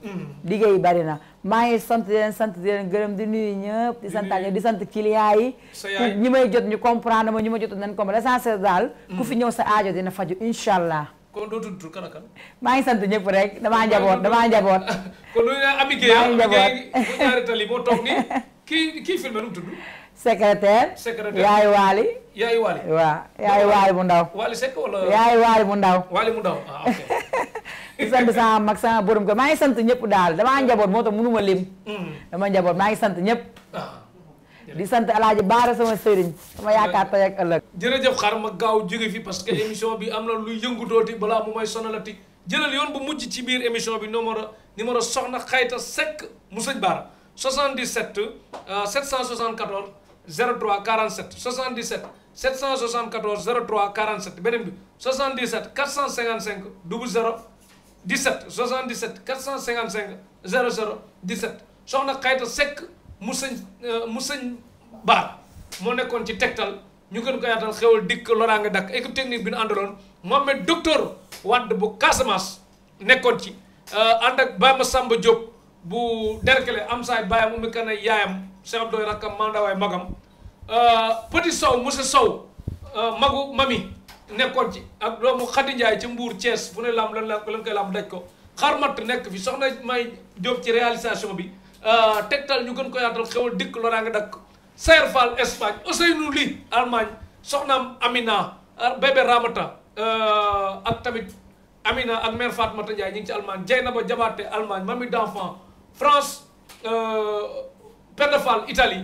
liggéey bari na. maa ngi sant di leen sant di gërëm di nuyu di sant ñëpp di yi ñi may jot ñu comprendre ma ñu ma jot nan ko l'essentiel daal ku mm. fi ñëw sa aajo dina faju incha allah kon doo tudd tur maa ngi sant ñëpp rek damaa njaboot damaa njaboot (laughs) kon lu ñu Ami Gueye Ami Gueye bu ñaari tali boo toog ni (laughs) kii kii filmé waali yaay waali waaw yaay waali bu ndaw waali sekk di sant sama mag sama borom ko maa ngi sant ñëpp daal damaa njaboot moo tax mënuma lim. Mm. dama njaboot maa ngi sant ñëpp. Ah. di sant alaaji baara sama sëriñ sama yaakaar tey ak ëllëg. jërëjëf xar ma gaaw jóge fi parce que émission bi am na luy yëngutooti balaa mu may sonalati jëlal yoon bu mujj ci biir émission bi numéro numéro soxna Xayta Seck mu sëñ Baara 77 774 03 47 77 774 03 47 beneen bi 77 455 00. 17 77 455 00 17 soxna Xayta Seck mu sëñ euh, mu sëñ Baar moo nekkoon ci tegtal ñu gën ko yaatal xewal dikk loraange dakk équipe technique bi ñu àndaloon moom it docteur Wade bu Casamance nekkoon ci euh, ànd ak Baye Massamba Diop bu Derkele am saay baayam ummi kan yaayam Cheikh Abdoulaye rakkam mandawaay magam euh, Petit Sow monsieur Sow magu mami nekkoon ci ak doomu Xadi Njaay ca Mbuur Thiès fu ne lam lan la lan koy lam daj ko xarmat nekk fi soxna may Jóob ci réalisation bi euh, tegtal ñu gën ko yaatal xewal dikk loraa nga dakk Sayer Fall Espagne Ousseynou Ly Allemagne soxnaam Amina euh, bébé euh, ak tamit Amina ak mère Fatmata Ndiaye ñu ngi ci Allemagne Dieynaba Jabaate Allemagne mami d'enfant France Penda Fall Italie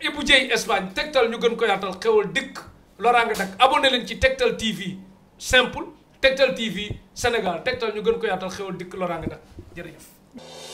Ibou Dieye Espagne tegtal ñu gën ko yaatal xewal dikk loraange dakk abonné leen ci Tektal TV simple Tektal TV Sénégal Tektal ñu gën ko yaatal xéwal dikk loraange dakk jërëjëf